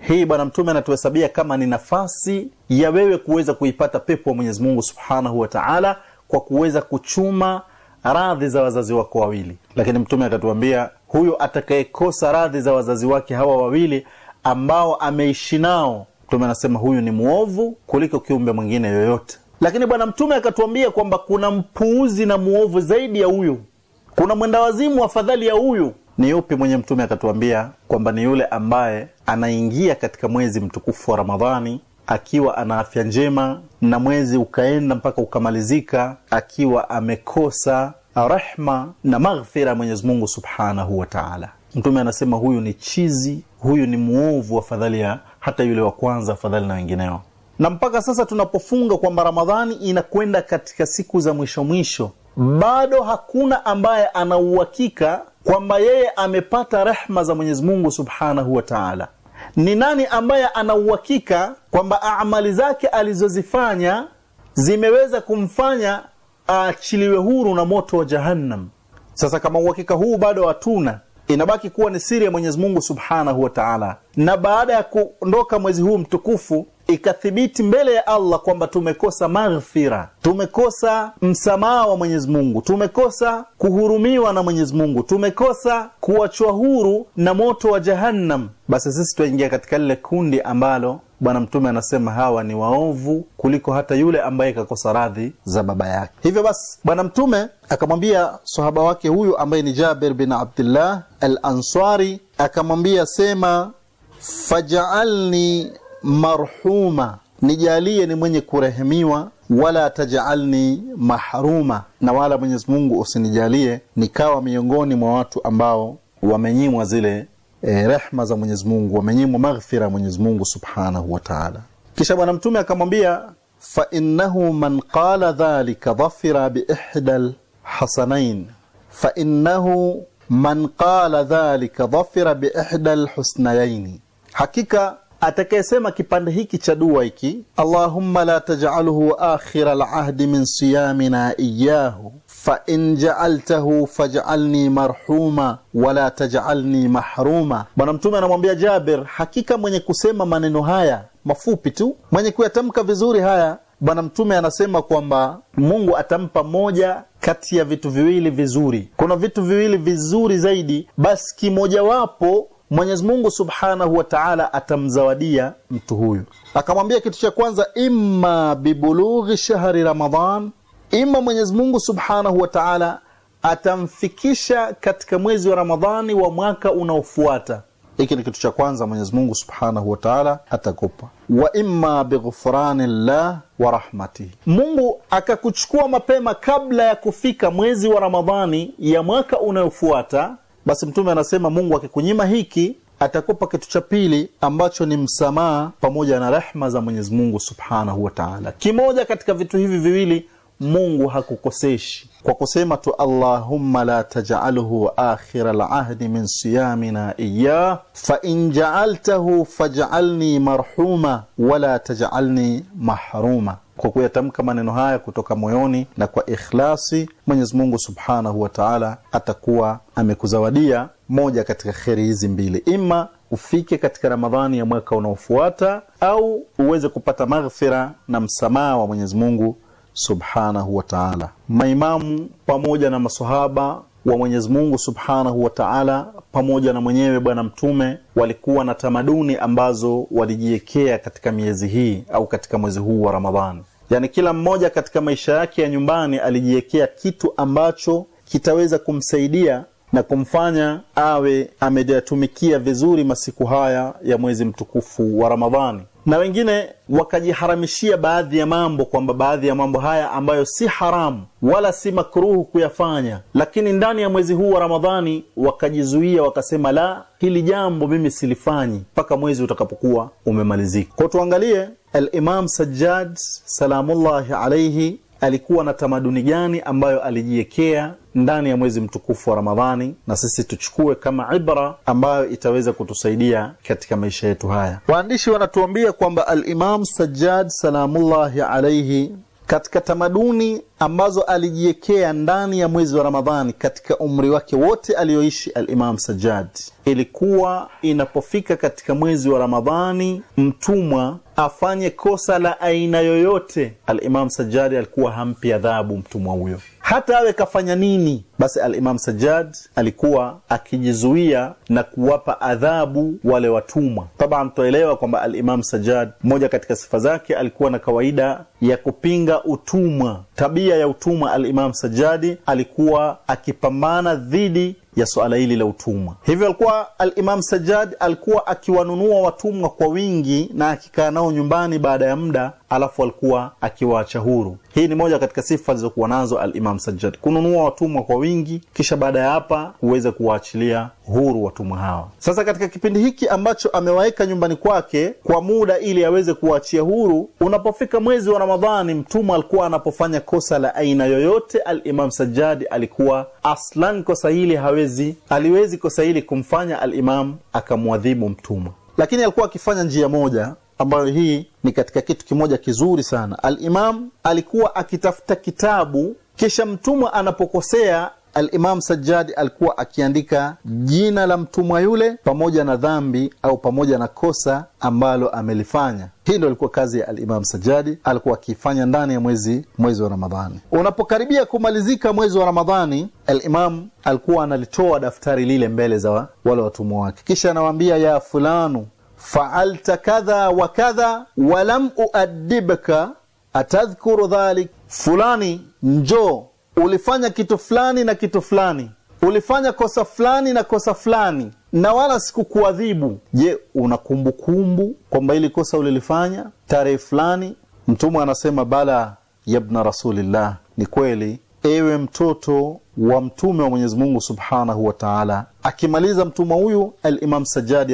Hii Bwana Mtume anatuhesabia kama ni nafasi ya wewe kuweza kuipata pepo ya Mwenyezi Mungu subhanahu wa taala kwa kuweza kuchuma radhi za wazazi wako wawili. Lakini Mtume akatuambia huyo atakayekosa radhi za wazazi wake hawa wawili ambao ameishi nao, Mtume anasema huyu ni mwovu kuliko kiumbe mwingine yoyote. Lakini Bwana Mtume akatuambia kwamba kuna mpuuzi na mwovu zaidi ya huyu, kuna mwendawazimu afadhali ya huyu ni yupi mwenye mtume akatuambia kwamba ni yule ambaye anaingia katika mwezi mtukufu wa ramadhani akiwa ana afya njema na mwezi ukaenda mpaka ukamalizika akiwa amekosa rehma na maghfira ya mwenyezi mungu subhanahu wa taala mtume anasema huyu ni chizi huyu ni mwovu fadhali ya hata yule wa kwanza afadhali na wengineo na mpaka sasa tunapofunga kwamba ramadhani inakwenda katika siku za mwisho mwisho bado hakuna ambaye anauhakika kwamba yeye amepata rehma za Mwenyezi Mungu Subhanahu wa Ta'ala. Ni nani ambaye ana uhakika kwamba amali zake alizozifanya zimeweza kumfanya aachiliwe huru na moto wa Jahannam? Sasa kama uhakika huu bado hatuna, inabaki kuwa ni siri ya Mwenyezi Mungu Subhanahu wa Ta'ala. Na baada ya kuondoka mwezi huu mtukufu ikathibiti mbele ya Allah kwamba tumekosa maghfira, tumekosa msamaha wa Mwenyezi Mungu, tumekosa kuhurumiwa na Mwenyezi Mungu, tumekosa kuachwa huru na moto wa Jahannam, basi sisi twaingia katika lile kundi ambalo Bwana Mtume anasema hawa ni waovu kuliko hata yule ambaye kakosa radhi za baba yake. Hivyo basi, Bwana Mtume akamwambia sahaba wake huyu ambaye ni Jabir bin Abdullah al-Ansari, akamwambia sema, faj'alni marhuma, nijalie ni mwenye kurehemiwa, wala tajalni mahruma, na wala Mwenyezi Mungu usinijalie nikawa miongoni mwa watu ambao wamenyimwa zile eh, rehma za Mwenyezi Mungu, wamenyimwa maghfira ya Mwenyezi Mungu subhanahu wa taala. Kisha Bwana Mtume akamwambia fa innahu man qala dhalika dhafira biihda lhasanain fa innahu man qala dhalika dhafira biihda lhusnayaini, hakika atakayesema kipande hiki cha dua hiki, Allahumma la taj'alhu akhira lahdi min siyamina iyyahu fa in ja'altahu faj'alni marhuma wala taj'alni mahruma. Bwana Mtume anamwambia Jabir, hakika mwenye kusema maneno haya mafupi tu, mwenye kuyatamka vizuri haya, Bwana Mtume anasema kwamba Mungu atampa moja kati ya vitu viwili vizuri. Kuna vitu viwili vizuri zaidi, basi kimojawapo Mwenyezi Mungu Subhanahu wa Ta'ala atamzawadia mtu huyu. Akamwambia kitu cha kwanza, imma bibulughi shahri Ramadhan, imma Mwenyezi Mungu Subhanahu wa Ta'ala atamfikisha katika mwezi wa Ramadhani wa mwaka unaofuata. Hiki ni kitu cha kwanza Mwenyezi Mungu Subhanahu wa Ta'ala atakupa. Wa imma bighufrani llah wa rahmatihi, Mungu akakuchukua mapema kabla ya kufika mwezi wa Ramadhani ya mwaka unaofuata basi Mtume anasema Mungu akikunyima hiki atakupa kitu cha pili ambacho ni msamaha pamoja na rehma za Mwenyezi Mungu Subhanahu wa Ta'ala. Kimoja katika vitu hivi viwili Mungu hakukoseshi kwa kusema tu Allahumma la taj'alhu akhira lahdi min siyamina iyah fa in ja'altahu faj'alni marhuma wala la taj'alni mahruma kwa kuyatamka maneno haya kutoka moyoni na kwa ikhlasi, Mwenyezi Mungu subhanahu wa taala atakuwa amekuzawadia moja katika kheri hizi mbili, ima ufike katika Ramadhani ya mwaka unaofuata au uweze kupata maghfira na msamaha wa Mwenyezi Mungu subhanahu wa taala. Maimamu pamoja na masahaba wa Mwenyezi Mungu subhanahu wa taala pamoja na mwenyewe Bwana Mtume walikuwa na tamaduni ambazo walijiwekea katika miezi hii au katika mwezi huu wa Ramadhani. Yaani kila mmoja katika maisha yake ya nyumbani alijiwekea kitu ambacho kitaweza kumsaidia na kumfanya awe amejatumikia vizuri masiku haya ya mwezi mtukufu wa Ramadhani na wengine wakajiharamishia baadhi ya mambo, kwamba baadhi ya mambo haya ambayo si haramu wala si makruhu kuyafanya, lakini ndani ya mwezi huu wa Ramadhani wakajizuia, wakasema la, hili jambo mimi silifanyi mpaka mwezi utakapokuwa umemalizika. Kwa tuangalie Al-Imam Sajjad salamullahi alayhi alikuwa na tamaduni gani ambayo alijiekea ndani ya mwezi mtukufu wa Ramadhani, na sisi tuchukue kama ibra ambayo itaweza kutusaidia katika maisha yetu haya. Waandishi wanatuambia kwamba Alimam Sajjad salamullahi alaihi katika tamaduni ambazo alijiwekea ndani ya mwezi wa Ramadhani katika umri wake wote aliyoishi Al-Imam Sajjad, ilikuwa inapofika katika mwezi wa Ramadhani mtumwa afanye kosa la aina yoyote, Al-Imam Sajjad alikuwa hampi adhabu mtumwa huyo hata awe kafanya nini basi alimam sajad alikuwa akijizuia na kuwapa adhabu wale watumwa taban tuelewa kwamba alimam sajad moja katika sifa zake alikuwa na kawaida ya kupinga utumwa tabia ya utumwa alimam sajadi alikuwa akipambana dhidi ya suala hili la utumwa. Hivyo alikuwa Alimam imam Sajjad alikuwa akiwanunua watumwa kwa wingi na akikaa nao nyumbani baada ya muda, alafu alikuwa akiwaacha huru. Hii ni moja katika sifa alizokuwa nazo alimam imam Sajjad, kununua watumwa kwa wingi, kisha baada ya hapa huweze kuwaachilia huru watumwa hawa. Sasa katika kipindi hiki ambacho amewaweka nyumbani kwake kwa muda ili aweze kuwaachia huru, unapofika mwezi wa Ramadhani, mtumwa alikuwa anapofanya kosa la aina yoyote, al-Imam Sajjad alikuwa aslan kosa hili hawezi aliwezi kosa hili kumfanya alimam akamwadhibu mtumwa lakini alikuwa akifanya njia moja ambayo hii ni katika kitu kimoja kizuri sana alimam alikuwa akitafuta kitabu kisha mtumwa anapokosea alimam sajadi alikuwa akiandika jina la mtumwa yule pamoja na dhambi au pamoja na kosa ambalo amelifanya. Hii ndo ilikuwa kazi ya alimam sajadi Sajjadi, alikuwa akiifanya ndani ya mwezi mwezi wa Ramadhani. Unapokaribia kumalizika mwezi wa Ramadhani, alimam alikuwa analitoa daftari lile mbele za wale watumwa wake, kisha anawaambia ya fulanu faalta kadha wa kadha walam uadibka atadhkuru dhalik, fulani njoo ulifanya kitu fulani na kitu fulani, ulifanya kosa fulani na kosa fulani, na wala sikukuadhibu. Je, una kumbukumbu kwamba ili kosa ulilifanya tarehe fulani? Mtumwa anasema bala yabna rasulillah, ni kweli ewe mtoto wa mtume wa Mwenyezi Mungu Subhanahu wa Ta'ala. Akimaliza mtumwa huyu, al-Imam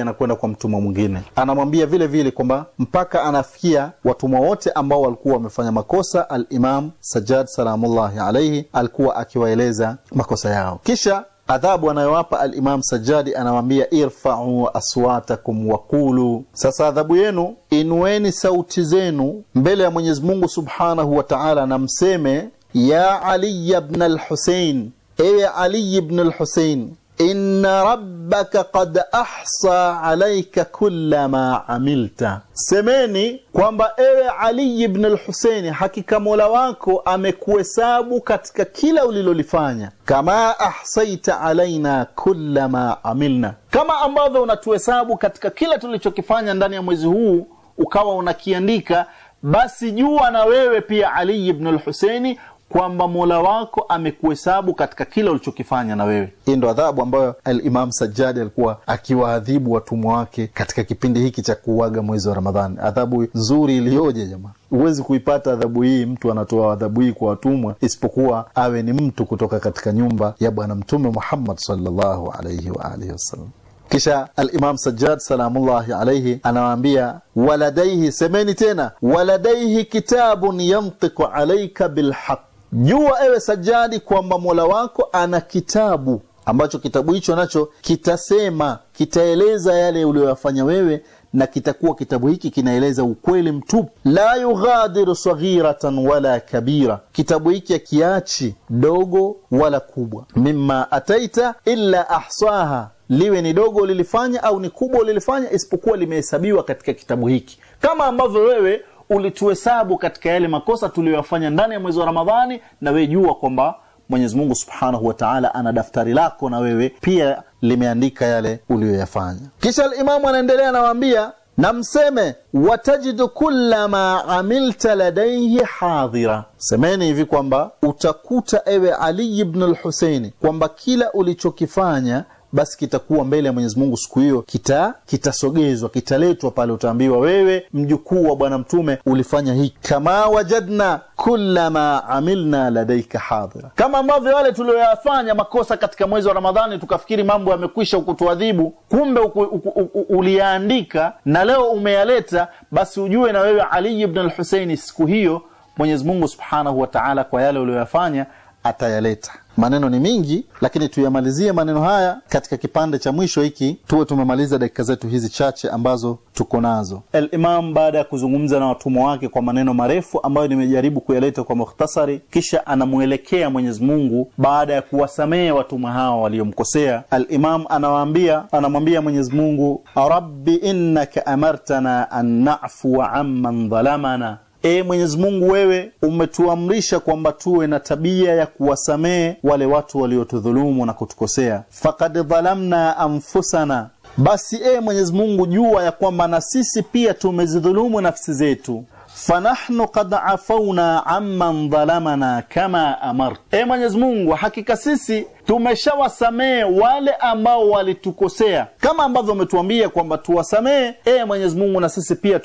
anakwenda kwa mtumwa mwingine, anamwambia vile vile kwamba mpaka anafikia watumwa wote ambao walikuwa wamefanya makosa. Al-Imam Sajjad salamullahi alayhi alikuwa akiwaeleza makosa yao, kisha adhabu anayowapa al-Imam Sajjadi anamwambia, irfa'u aswatakum waqulu, sasa adhabu yenu, inueni sauti zenu mbele ya Mwenyezi Mungu Subhanahu wa Ta'ala na mseme ya Ali ibn al-Husayn, ewe Ali ibn al-Husayn, inna rabbaka qad ahsa alaika kulla ma amilta, semeni kwamba ewe Ali ibn al-Husaini, hakika mola wako amekuhesabu katika kila ulilolifanya. Kama ahsaita alaina kulla ma amilna, kama ambavyo unatuhesabu katika kila tulichokifanya ndani ya mwezi huu, ukawa unakiandika basi jua na wewe pia Ali ibn al-Husaini kwamba mola wako amekuhesabu katika kila ulichokifanya na wewe. Hii ndo adhabu ambayo Alimamu sajadi alikuwa akiwaadhibu watumwa wake katika kipindi hiki cha kuuaga mwezi wa Ramadhani. Adhabu nzuri iliyoje jamaa! Huwezi kuipata adhabu hii, mtu anatoa adhabu hii kwa watumwa isipokuwa awe ni mtu kutoka katika nyumba ya Bwana Mtume Muhammad sallallahu alaihi wa alihi wasallam. Kisha Alimam Sajad salamullahi alaihi anawaambia waladaihi, semeni tena, waladaihi kitabun yantiku alaika bilhaq jua ewe Sajadi kwamba Mola wako ana kitabu ambacho kitabu hicho nacho kitasema, kitaeleza yale uliyoyafanya wewe, na kitakuwa kitabu hiki kinaeleza ukweli mtupu. La yughadiru saghiratan wala kabira, kitabu hiki akiachi dogo wala kubwa. Mimma ataita illa ahsaha, liwe ni dogo ulilifanya au ni kubwa ulilifanya, isipokuwa limehesabiwa katika kitabu hiki, kama ambavyo wewe ulituhesabu katika yale makosa tuliyoyafanya ndani ya mwezi wa Ramadhani, na wewe jua kwamba Mwenyezi Mungu Subhanahu wa Ta'ala ana daftari lako na wewe pia limeandika yale uliyoyafanya. Kisha al-Imamu anaendelea anawaambia, na mseme watajidu kulla ma amilta ladaihi hadhira, semeni hivi kwamba utakuta ewe Ali ibn al-Husaini kwamba kila ulichokifanya basi kitakuwa mbele ya Mwenyezi Mungu siku hiyo, kita kitasogezwa, kitaletwa pale, utaambiwa wewe, mjukuu wa Bwana Mtume, ulifanya hiki. Kama wajadna kula ma amilna ladaika hadhira, kama ambavyo wale tulioyafanya makosa katika mwezi wa Ramadhani tukafikiri mambo yamekwisha, ukutuadhibu, kumbe uku, uku, uku, uliyaandika na leo umeyaleta, basi ujue na wewe Ali ibn al siku hiyo Mwenyezi Mungu subhanahu wa taala, kwa yale uliyoyafanya atayaleta maneno ni mingi, lakini tuyamalizie maneno haya katika kipande cha mwisho hiki, tuwe tumemaliza dakika zetu hizi chache ambazo tuko nazo. Al-Imam baada ya kuzungumza na watumwa wake kwa maneno marefu ambayo nimejaribu kuyaleta kwa mukhtasari, kisha anamwelekea Mwenyezi Mungu baada ya kuwasamehe watumwa hao waliomkosea. Al-Imam anawaambia, anamwambia Mwenyezi Mungu, rabbi innaka amartana an na'fuwa amman dhalamana e Mwenyezi Mungu, wewe umetuamrisha kwamba tuwe na tabia ya kuwasamehe wale watu waliotudhulumu na kutukosea. Fakad dhalamna anfusana, basi e Mwenyezi Mungu, jua ya kwamba na sisi pia tumezidhulumu nafsi zetu fanahnu kad afauna amman dhalamana kama amart. e Mwenyezi Mungu, hakika sisi tumeshawasamehe wale ambao walitukosea, kama ambavyo umetuambia kwamba tuwasamehe, ee Mwenyezi Mungu, na sisi pia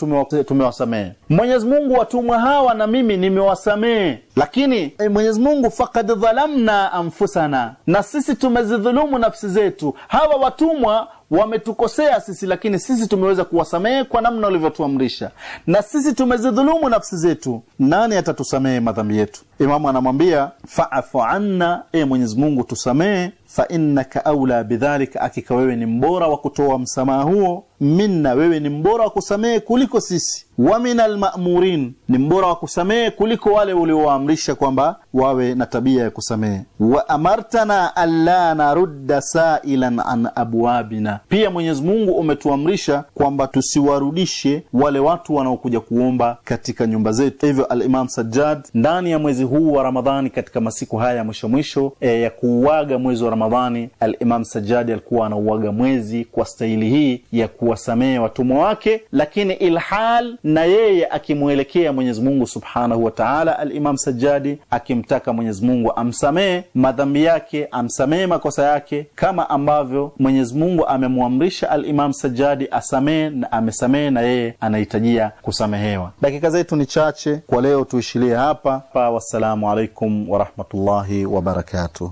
tumewasamehe. Mwenyezi Mungu, watumwa hawa na mimi nimewasamehe, lakini e Mwenyezi Mungu, fakad dhalamna anfusana, na sisi tumezidhulumu nafsi zetu. Hawa watumwa wametukosea sisi, lakini sisi tumeweza kuwasamehe kwa namna ulivyotuamrisha, na sisi tumezidhulumu nafsi zetu. Nani atatusamehe madhambi yetu? Imamu anamwambia faafu anna, e Mwenyezi Mungu tusamehe kusamehe fa innaka aula bidhalika, akika wewe ni mbora wa kutoa msamaha huo minna, wewe ni mbora wa kusamehe kuliko sisi. Wa min almamurin, ni mbora wa kusamehe kuliko wale uliowaamrisha kwamba wawe na tabia ya kusamehe. Wa amartana alla narudda sailan an abwabina, pia Mwenyezi Mungu umetuamrisha kwamba tusiwarudishe wale watu wanaokuja kuomba katika nyumba zetu. Hivyo Alimam Sajjad ndani ya mwezi huu wa Ramadhani, katika masiku haya ya mwisho mwisho e, ya kuuaga mwezi wa Ramadhani, Alimam Sajjad alikuwa anauaga mwezi kwa staili hii ya ku kuwasamehe watumwa wake, lakini ilhal na yeye akimwelekea Mwenyezi Mungu subhanahu wa taala. Alimam Sajjadi akimtaka Mwenyezi Mungu amsamehe madhambi yake, amsamehe makosa yake, kama ambavyo Mwenyezi Mungu amemwamrisha Alimam Sajjadi asamehe na amesamehe, na yeye anahitajia kusamehewa. Dakika zetu ni chache kwa leo, tuishilie hapa pa. Wassalamu alaikum warahmatullahi wabarakatuh.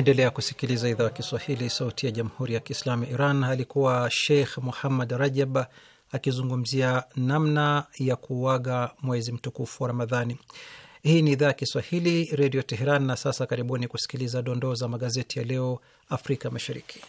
Endelea kusikiliza idhaa ya Kiswahili, sauti ya jamhuri ya kiislamu ya Iran. Alikuwa Sheikh Muhammad Rajab akizungumzia namna ya kuuaga mwezi mtukufu wa Ramadhani. Hii ni idhaa ya Kiswahili, redio Teheran. Na sasa karibuni kusikiliza dondoo za magazeti ya leo Afrika Mashariki.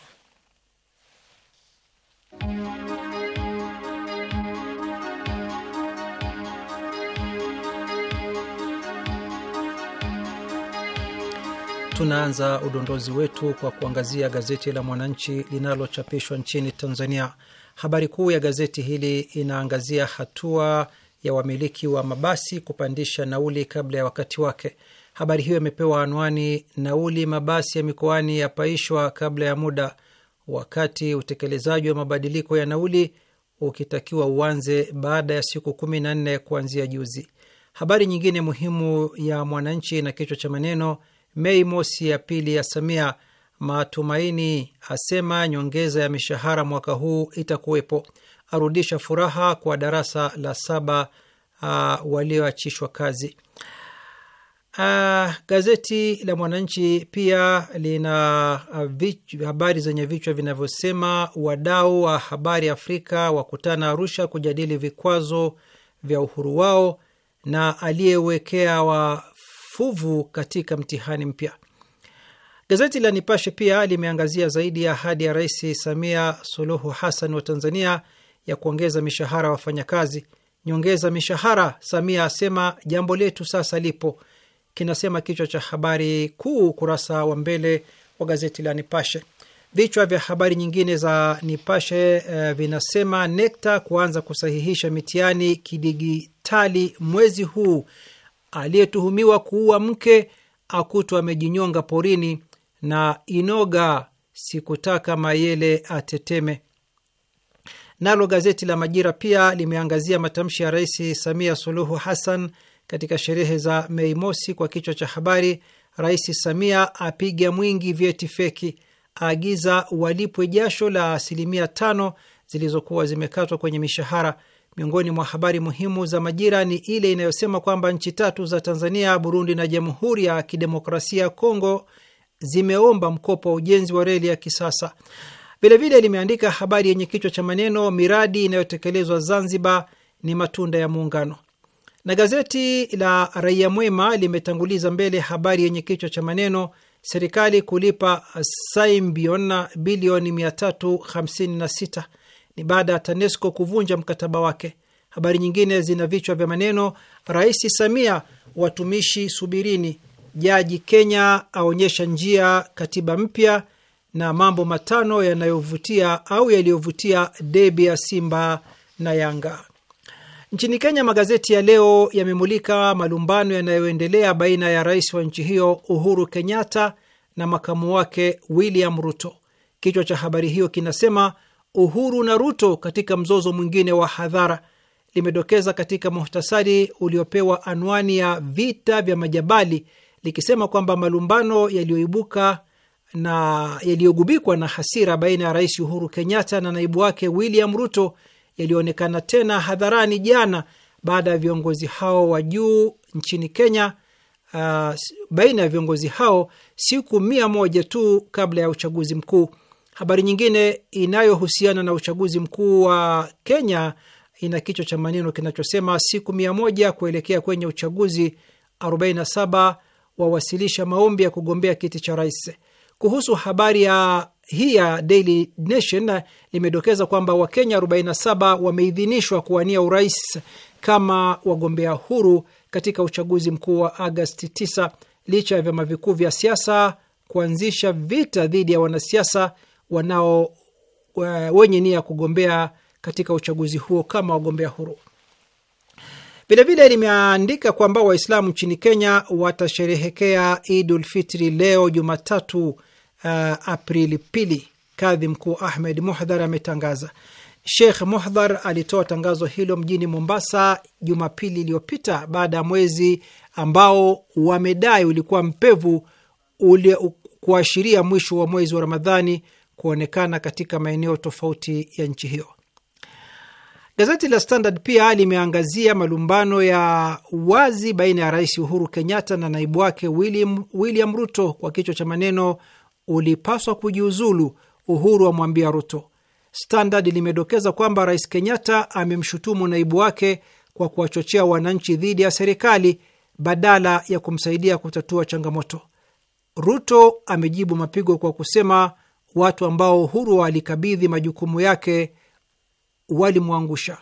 Tunaanza udondozi wetu kwa kuangazia gazeti la Mwananchi linalochapishwa nchini Tanzania. Habari kuu ya gazeti hili inaangazia hatua ya wamiliki wa mabasi kupandisha nauli kabla ya wakati wake. Habari hiyo imepewa anwani, nauli mabasi ya mikoani yapaishwa kabla ya muda, wakati utekelezaji wa mabadiliko ya nauli ukitakiwa uanze baada ya siku kumi na nne kuanzia juzi. Habari nyingine muhimu ya Mwananchi na kichwa cha maneno Mei mosi ya pili ya Samia matumaini, asema nyongeza ya mishahara mwaka huu itakuwepo, arudisha furaha kwa darasa la saba uh, walioachishwa kazi. Uh, gazeti la Mwananchi pia lina uh, habari zenye vichwa vinavyosema wadau wa habari Afrika wakutana Arusha kujadili vikwazo vya uhuru wao, na aliyewekea wa fuvu katika mtihani mpya. Gazeti la Nipashe pia limeangazia zaidi ya ahadi ya Rais Samia Suluhu Hassan wa Tanzania ya kuongeza mishahara wafanyakazi. Nyongeza mishahara, Samia asema jambo letu sasa lipo, kinasema kichwa cha habari kuu ukurasa wa mbele wa gazeti la Nipashe. Vichwa vya habari nyingine za Nipashe uh, vinasema NECTA kuanza kusahihisha mitihani kidigitali mwezi huu aliyetuhumiwa kuua mke akutwa amejinyonga porini na inoga sikutaka mayele ateteme. Nalo gazeti la Majira pia limeangazia matamshi ya Rais Samia Suluhu Hassan katika sherehe za Mei Mosi kwa kichwa cha habari, Rais Samia apiga mwingi vyeti feki, aagiza walipwe jasho la asilimia tano zilizokuwa zimekatwa kwenye mishahara. Miongoni mwa habari muhimu za Majira ni ile inayosema kwamba nchi tatu za Tanzania, Burundi na Jamhuri ya Kidemokrasia ya Kongo zimeomba mkopo wa ujenzi wa reli ya kisasa. Vilevile limeandika habari yenye kichwa cha maneno miradi inayotekelezwa Zanzibar ni matunda ya muungano, na gazeti la Raia Mwema limetanguliza mbele habari yenye kichwa cha maneno serikali kulipa Symbion bilioni 356 ni baada ya TANESCO kuvunja mkataba wake. Habari nyingine zina vichwa vya maneno: Rais Samia, watumishi subirini, jaji Kenya aonyesha njia katiba mpya, na mambo matano yanayovutia au yaliyovutia debi ya Simba na Yanga. Nchini Kenya, magazeti ya leo yamemulika malumbano yanayoendelea baina ya rais wa nchi hiyo Uhuru Kenyatta na makamu wake William Ruto. Kichwa cha habari hiyo kinasema Uhuru na Ruto katika mzozo mwingine wa hadhara, limedokeza katika muhtasari uliopewa anwani ya vita vya majabali, likisema kwamba malumbano yaliyoibuka na yaliyogubikwa na hasira baina ya Rais Uhuru Kenyatta na naibu wake William Ruto yalionekana tena hadharani jana baada ya viongozi hao wa juu nchini Kenya uh, baina ya viongozi hao siku mia moja tu kabla ya uchaguzi mkuu. Habari nyingine inayohusiana na uchaguzi mkuu wa Kenya ina kichwa cha maneno kinachosema siku mia moja kuelekea kwenye uchaguzi, 47 wawasilisha maombi ya kugombea kiti cha rais. Kuhusu habari ya hii ya Daily Nation limedokeza kwamba Wakenya 47 wameidhinishwa kuwania urais kama wagombea huru katika uchaguzi mkuu wa Agasti 9 licha ya vyama vikuu vya siasa kuanzisha vita dhidi ya wanasiasa wanao wenye nia ya kugombea katika uchaguzi huo kama wagombea huru. Vilevile limeandika kwamba Waislamu nchini Kenya watasherehekea Idul Fitri leo Jumatatu, uh, Aprili pili. Kadhi mkuu Ahmed Muhdhar ametangaza. Sheikh Muhdhar alitoa tangazo hilo mjini Mombasa Jumapili iliyopita baada ya mwezi ambao wamedai ulikuwa mpevu ule kuashiria mwisho wa mwezi wa Ramadhani kuonekana katika maeneo tofauti ya nchi hiyo. Gazeti la Standard pia limeangazia malumbano ya wazi baina ya Rais Uhuru Kenyatta na naibu wake William, William Ruto kwa kichwa cha maneno ulipaswa kujiuzulu, Uhuru amwambia Ruto. Standard limedokeza kwamba Rais Kenyatta amemshutumu naibu wake kwa kuwachochea wananchi dhidi ya serikali badala ya kumsaidia kutatua changamoto. Ruto amejibu mapigo kwa kusema watu ambao Uhuru alikabidhi majukumu yake walimwangusha.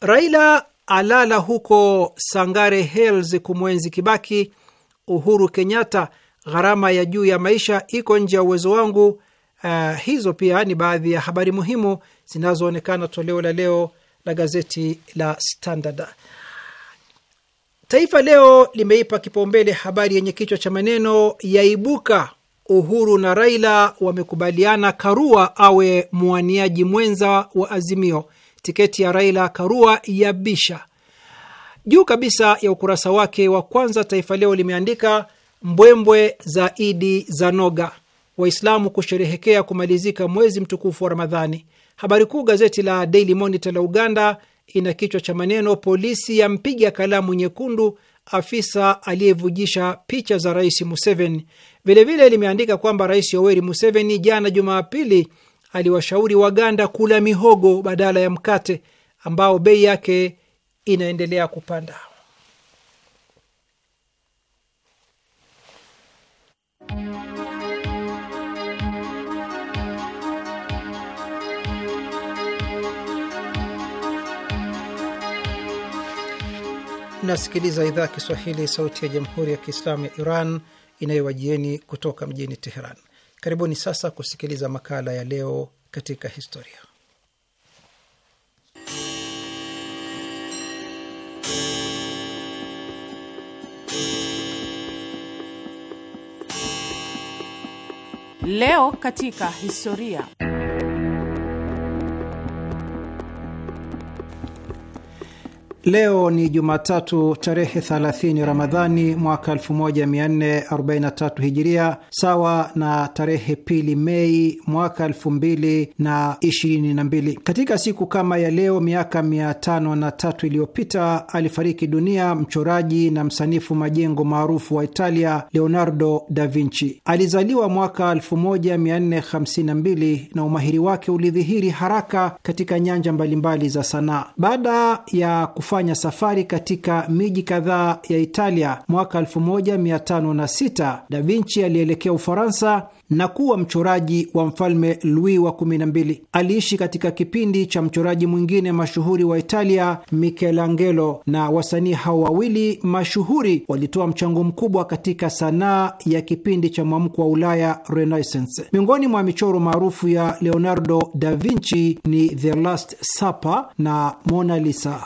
Raila alala huko Sangare Hills kumwenzi Kibaki. Uhuru Kenyatta, gharama ya juu ya maisha iko nje ya uwezo wangu. Uh, hizo pia ni baadhi ya habari muhimu zinazoonekana toleo la leo la gazeti la Standard. Taifa Leo limeipa kipaumbele habari yenye kichwa cha maneno yaibuka Uhuru na Raila wamekubaliana Karua awe mwaniaji mwenza wa Azimio. Tiketi ya Raila Karua ya bisha Juu kabisa ya ukurasa wake wa kwanza, Taifa Leo limeandika mbwembwe za Idi za noga, Waislamu kusherehekea kumalizika mwezi mtukufu wa Ramadhani. Habari kuu gazeti la Daily Monitor la Uganda ina kichwa cha maneno polisi yampiga kalamu nyekundu afisa aliyevujisha picha za Rais Museveni. Vilevile limeandika kwamba Rais Yoweri Museveni jana Jumapili aliwashauri Waganda kula mihogo badala ya mkate ambao bei yake inaendelea kupanda. Nasikiliza idhaa ya Kiswahili, sauti ya jamhuri ya kiislamu ya Iran inayowajieni kutoka mjini Teheran. Karibuni sasa kusikiliza makala ya leo katika historia. Leo katika historia. Leo ni Jumatatu tarehe 30 Ramadhani mwaka 1443 Hijiria, sawa na tarehe pili Mei mwaka 2022. Katika siku kama ya leo miaka 503 iliyopita alifariki dunia mchoraji na msanifu majengo maarufu wa Italia Leonardo da Vinci. Alizaliwa mwaka 1452 na umahiri wake ulidhihiri haraka katika nyanja mbalimbali za sanaa. Baada ya kufa kufanya safari katika miji kadhaa ya Italia. Mwaka 1506 Da Vinci alielekea Ufaransa na kuwa mchoraji wa mfalme Louis wa 12. Aliishi katika kipindi cha mchoraji mwingine mashuhuri wa Italia, Michelangelo, na wasanii hao wawili mashuhuri walitoa mchango mkubwa katika sanaa ya kipindi cha mwamko wa Ulaya, Renaissance. Miongoni mwa michoro maarufu ya Leonardo da Vinci ni The Last Supper na Mona Lisa.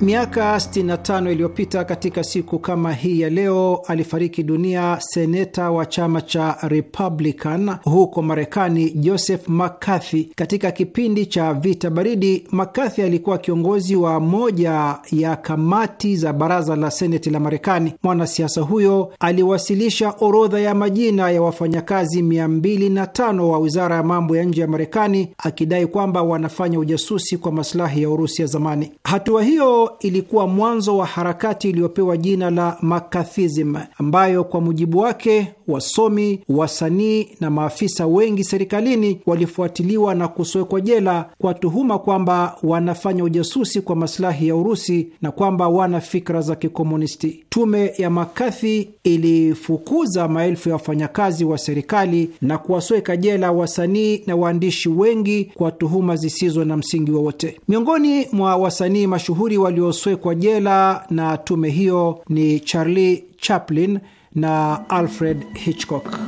Miaka 65 iliyopita katika siku kama hii ya leo alifariki dunia seneta wa chama cha Republican huko Marekani, Joseph McCarthy. Katika kipindi cha vita baridi, McCarthy alikuwa kiongozi wa moja ya kamati za baraza la seneti la Marekani. Mwanasiasa huyo aliwasilisha orodha ya majina ya wafanyakazi 205 wa wizara ya mambo ya nje ya Marekani akidai kwamba wanafanya ujasusi kwa masilahi ya Urusi ya zamani. Hatua hiyo ilikuwa mwanzo wa harakati iliyopewa jina la makathism ambayo kwa mujibu wake wasomi, wasanii na maafisa wengi serikalini walifuatiliwa na kuswekwa jela kwa tuhuma kwamba wanafanya ujasusi kwa masilahi ya Urusi na kwamba wana fikra za kikomunisti. Tume ya Makathi ilifukuza maelfu ya wafanyakazi wa serikali na kuwasweka jela wasanii na waandishi wengi kwa tuhuma zisizo na msingi wowote. Miongoni mwa wasanii mashuhuri wali walioswekwa jela na tume hiyo ni Charlie Chaplin na Alfred Hitchcock.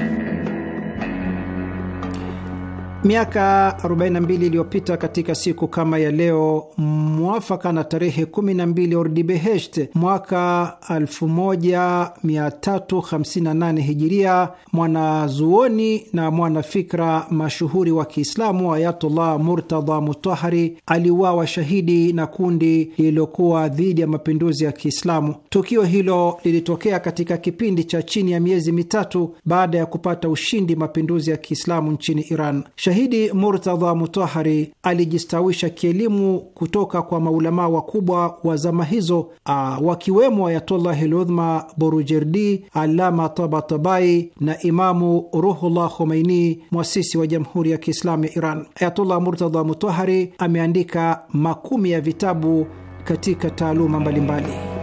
Miaka 42 iliyopita katika siku kama ya leo, mwafaka na tarehe 12 Ordibehesht mwaka 1358 Hijiria, mwanazuoni na mwanafikra mashuhuri wa Kiislamu Ayatullah Murtadha Mutahari aliuawa shahidi na kundi lililokuwa dhidi ya mapinduzi ya Kiislamu. Tukio hilo lilitokea katika kipindi cha chini ya miezi mitatu baada ya kupata ushindi mapinduzi ya Kiislamu nchini Iran. Shahidi Murtadha Mutahari alijistawisha kielimu kutoka kwa maulamaa wakubwa wa zama hizo, wakiwemo Ayatullahi Ludhma Borujerdi, Alama Tabatabai na Imamu Ruhullah Khomeini, mwasisi wa Jamhuri ya Kiislamu ya Iran. Ayatullah Murtadha Mutahari ameandika makumi ya vitabu katika taaluma mbalimbali.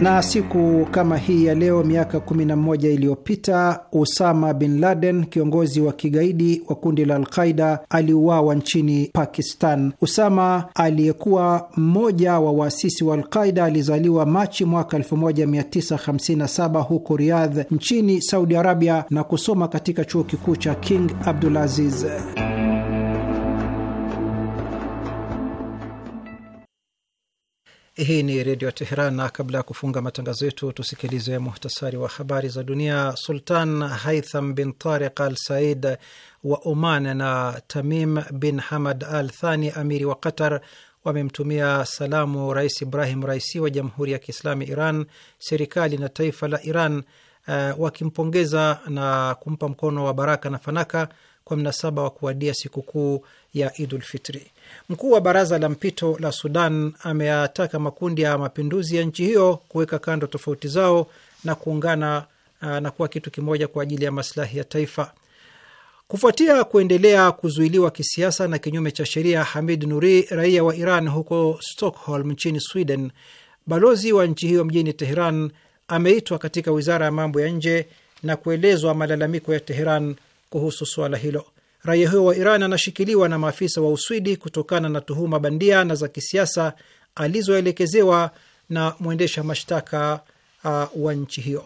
Na siku kama hii ya leo miaka 11 iliyopita Usama bin Laden, kiongozi wa kigaidi wa kundi la Alqaida, aliuawa nchini Pakistan. Usama aliyekuwa mmoja wa waasisi wa Alqaida alizaliwa Machi mwaka 1957 huko Riyadh nchini Saudi Arabia na kusoma katika chuo kikuu cha King Abdulaziz. Hii ni Redio Teheran, na kabla ya kufunga matangazo yetu tusikilize muhtasari wa habari za dunia. Sultan Haitham bin Tariq al Said wa Oman na Tamim bin Hamad al Thani, amiri wa Qatar, wamemtumia salamu Rais Ibrahim Raisi wa Jamhuri ya Kiislami Iran, serikali na taifa la Iran, uh, wakimpongeza na kumpa mkono wa baraka na fanaka kwa mnasaba wa kuwadia sikukuu ya Idulfitri. Mkuu wa baraza la mpito la Sudan ameyataka makundi ya mapinduzi ya nchi hiyo kuweka kando tofauti zao na kuungana uh, na kuwa kitu kimoja kwa ajili ya maslahi ya taifa. Kufuatia kuendelea kuzuiliwa kisiasa na kinyume cha sheria Hamid Nuri, raia wa Iran huko Stockholm nchini Sweden, balozi wa nchi hiyo mjini Teheran ameitwa katika wizara ya mambo ya nje na kuelezwa malalamiko ya Teheran kuhusu suala hilo. Raia huyo wa Iran anashikiliwa na maafisa wa Uswidi kutokana na tuhuma bandia na za kisiasa alizoelekezewa na mwendesha mashtaka uh, wa nchi hiyo.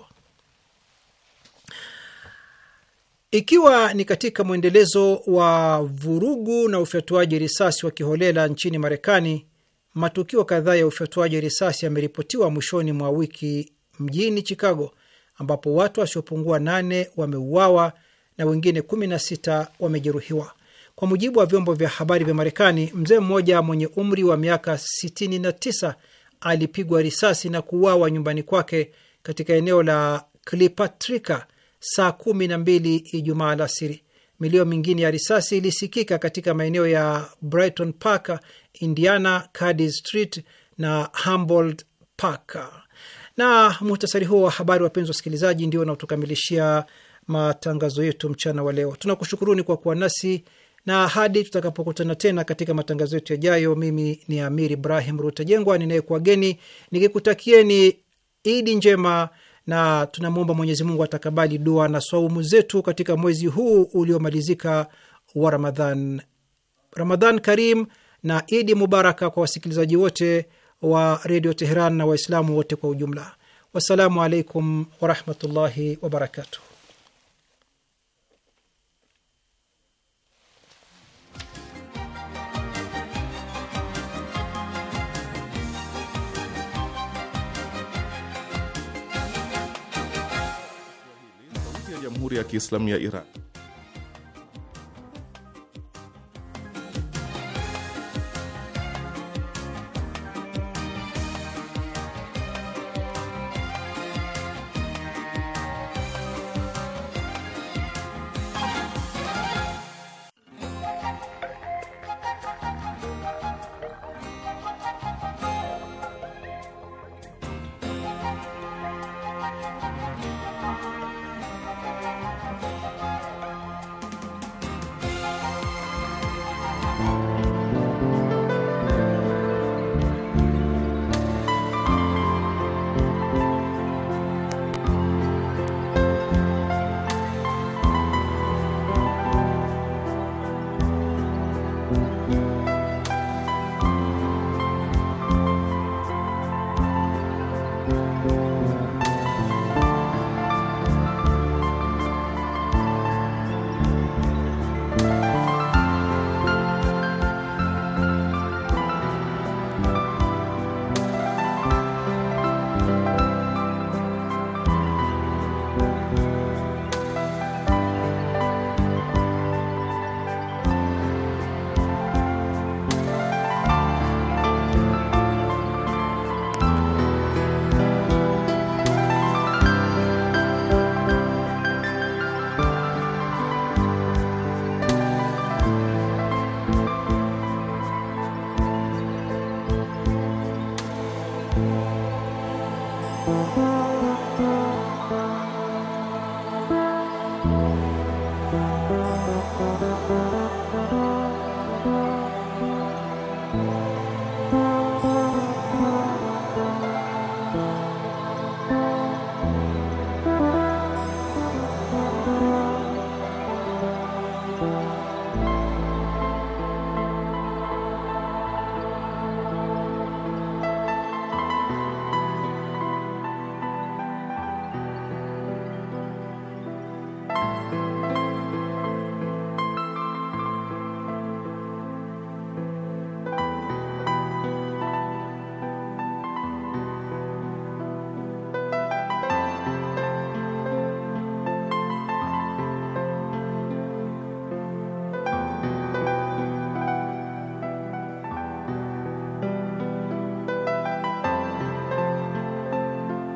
Ikiwa ni katika mwendelezo wa vurugu na ufyatuaji risasi wa kiholela nchini Marekani, matukio kadhaa ya ufyatuaji risasi yameripotiwa mwishoni mwa wiki mjini Chicago, ambapo watu wasiopungua nane wameuawa na wengine 16 wamejeruhiwa. Kwa mujibu wa vyombo vya habari vya Marekani, mzee mmoja mwenye umri wa miaka 69 alipigwa risasi na kuuawa nyumbani kwake katika eneo la Klipatrika saa 12 Ijumaa alasiri. Milio mingine ya risasi ilisikika katika maeneo ya Brighton Park, Indiana, Cadiz Street na Humboldt Park. Na muhtasari huo wa habari, wapenzi wasikilizaji, ndio unaotukamilishia matangazo yetu mchana wa leo. Tunakushukuruni kwa kuwa nasi na hadi tutakapokutana tena katika matangazo yetu yajayo, mimi ni Amir Ibrahim Rutajengwa ninayekuwageni nikikutakieni Idi njema na tunamwomba Mwenyezi Mungu atakabali dua na swaumu zetu katika mwezi huu uliomalizika wa Ramadhan. Ramadhan karim na Idi mubaraka kwa wasikilizaji wote wa Redio Teheran na Waislamu wote kwa ujumla. Wassalamu alaikum warahmatullahi wabarakatuh. Jamhuri ya Kiislamu ya Iran.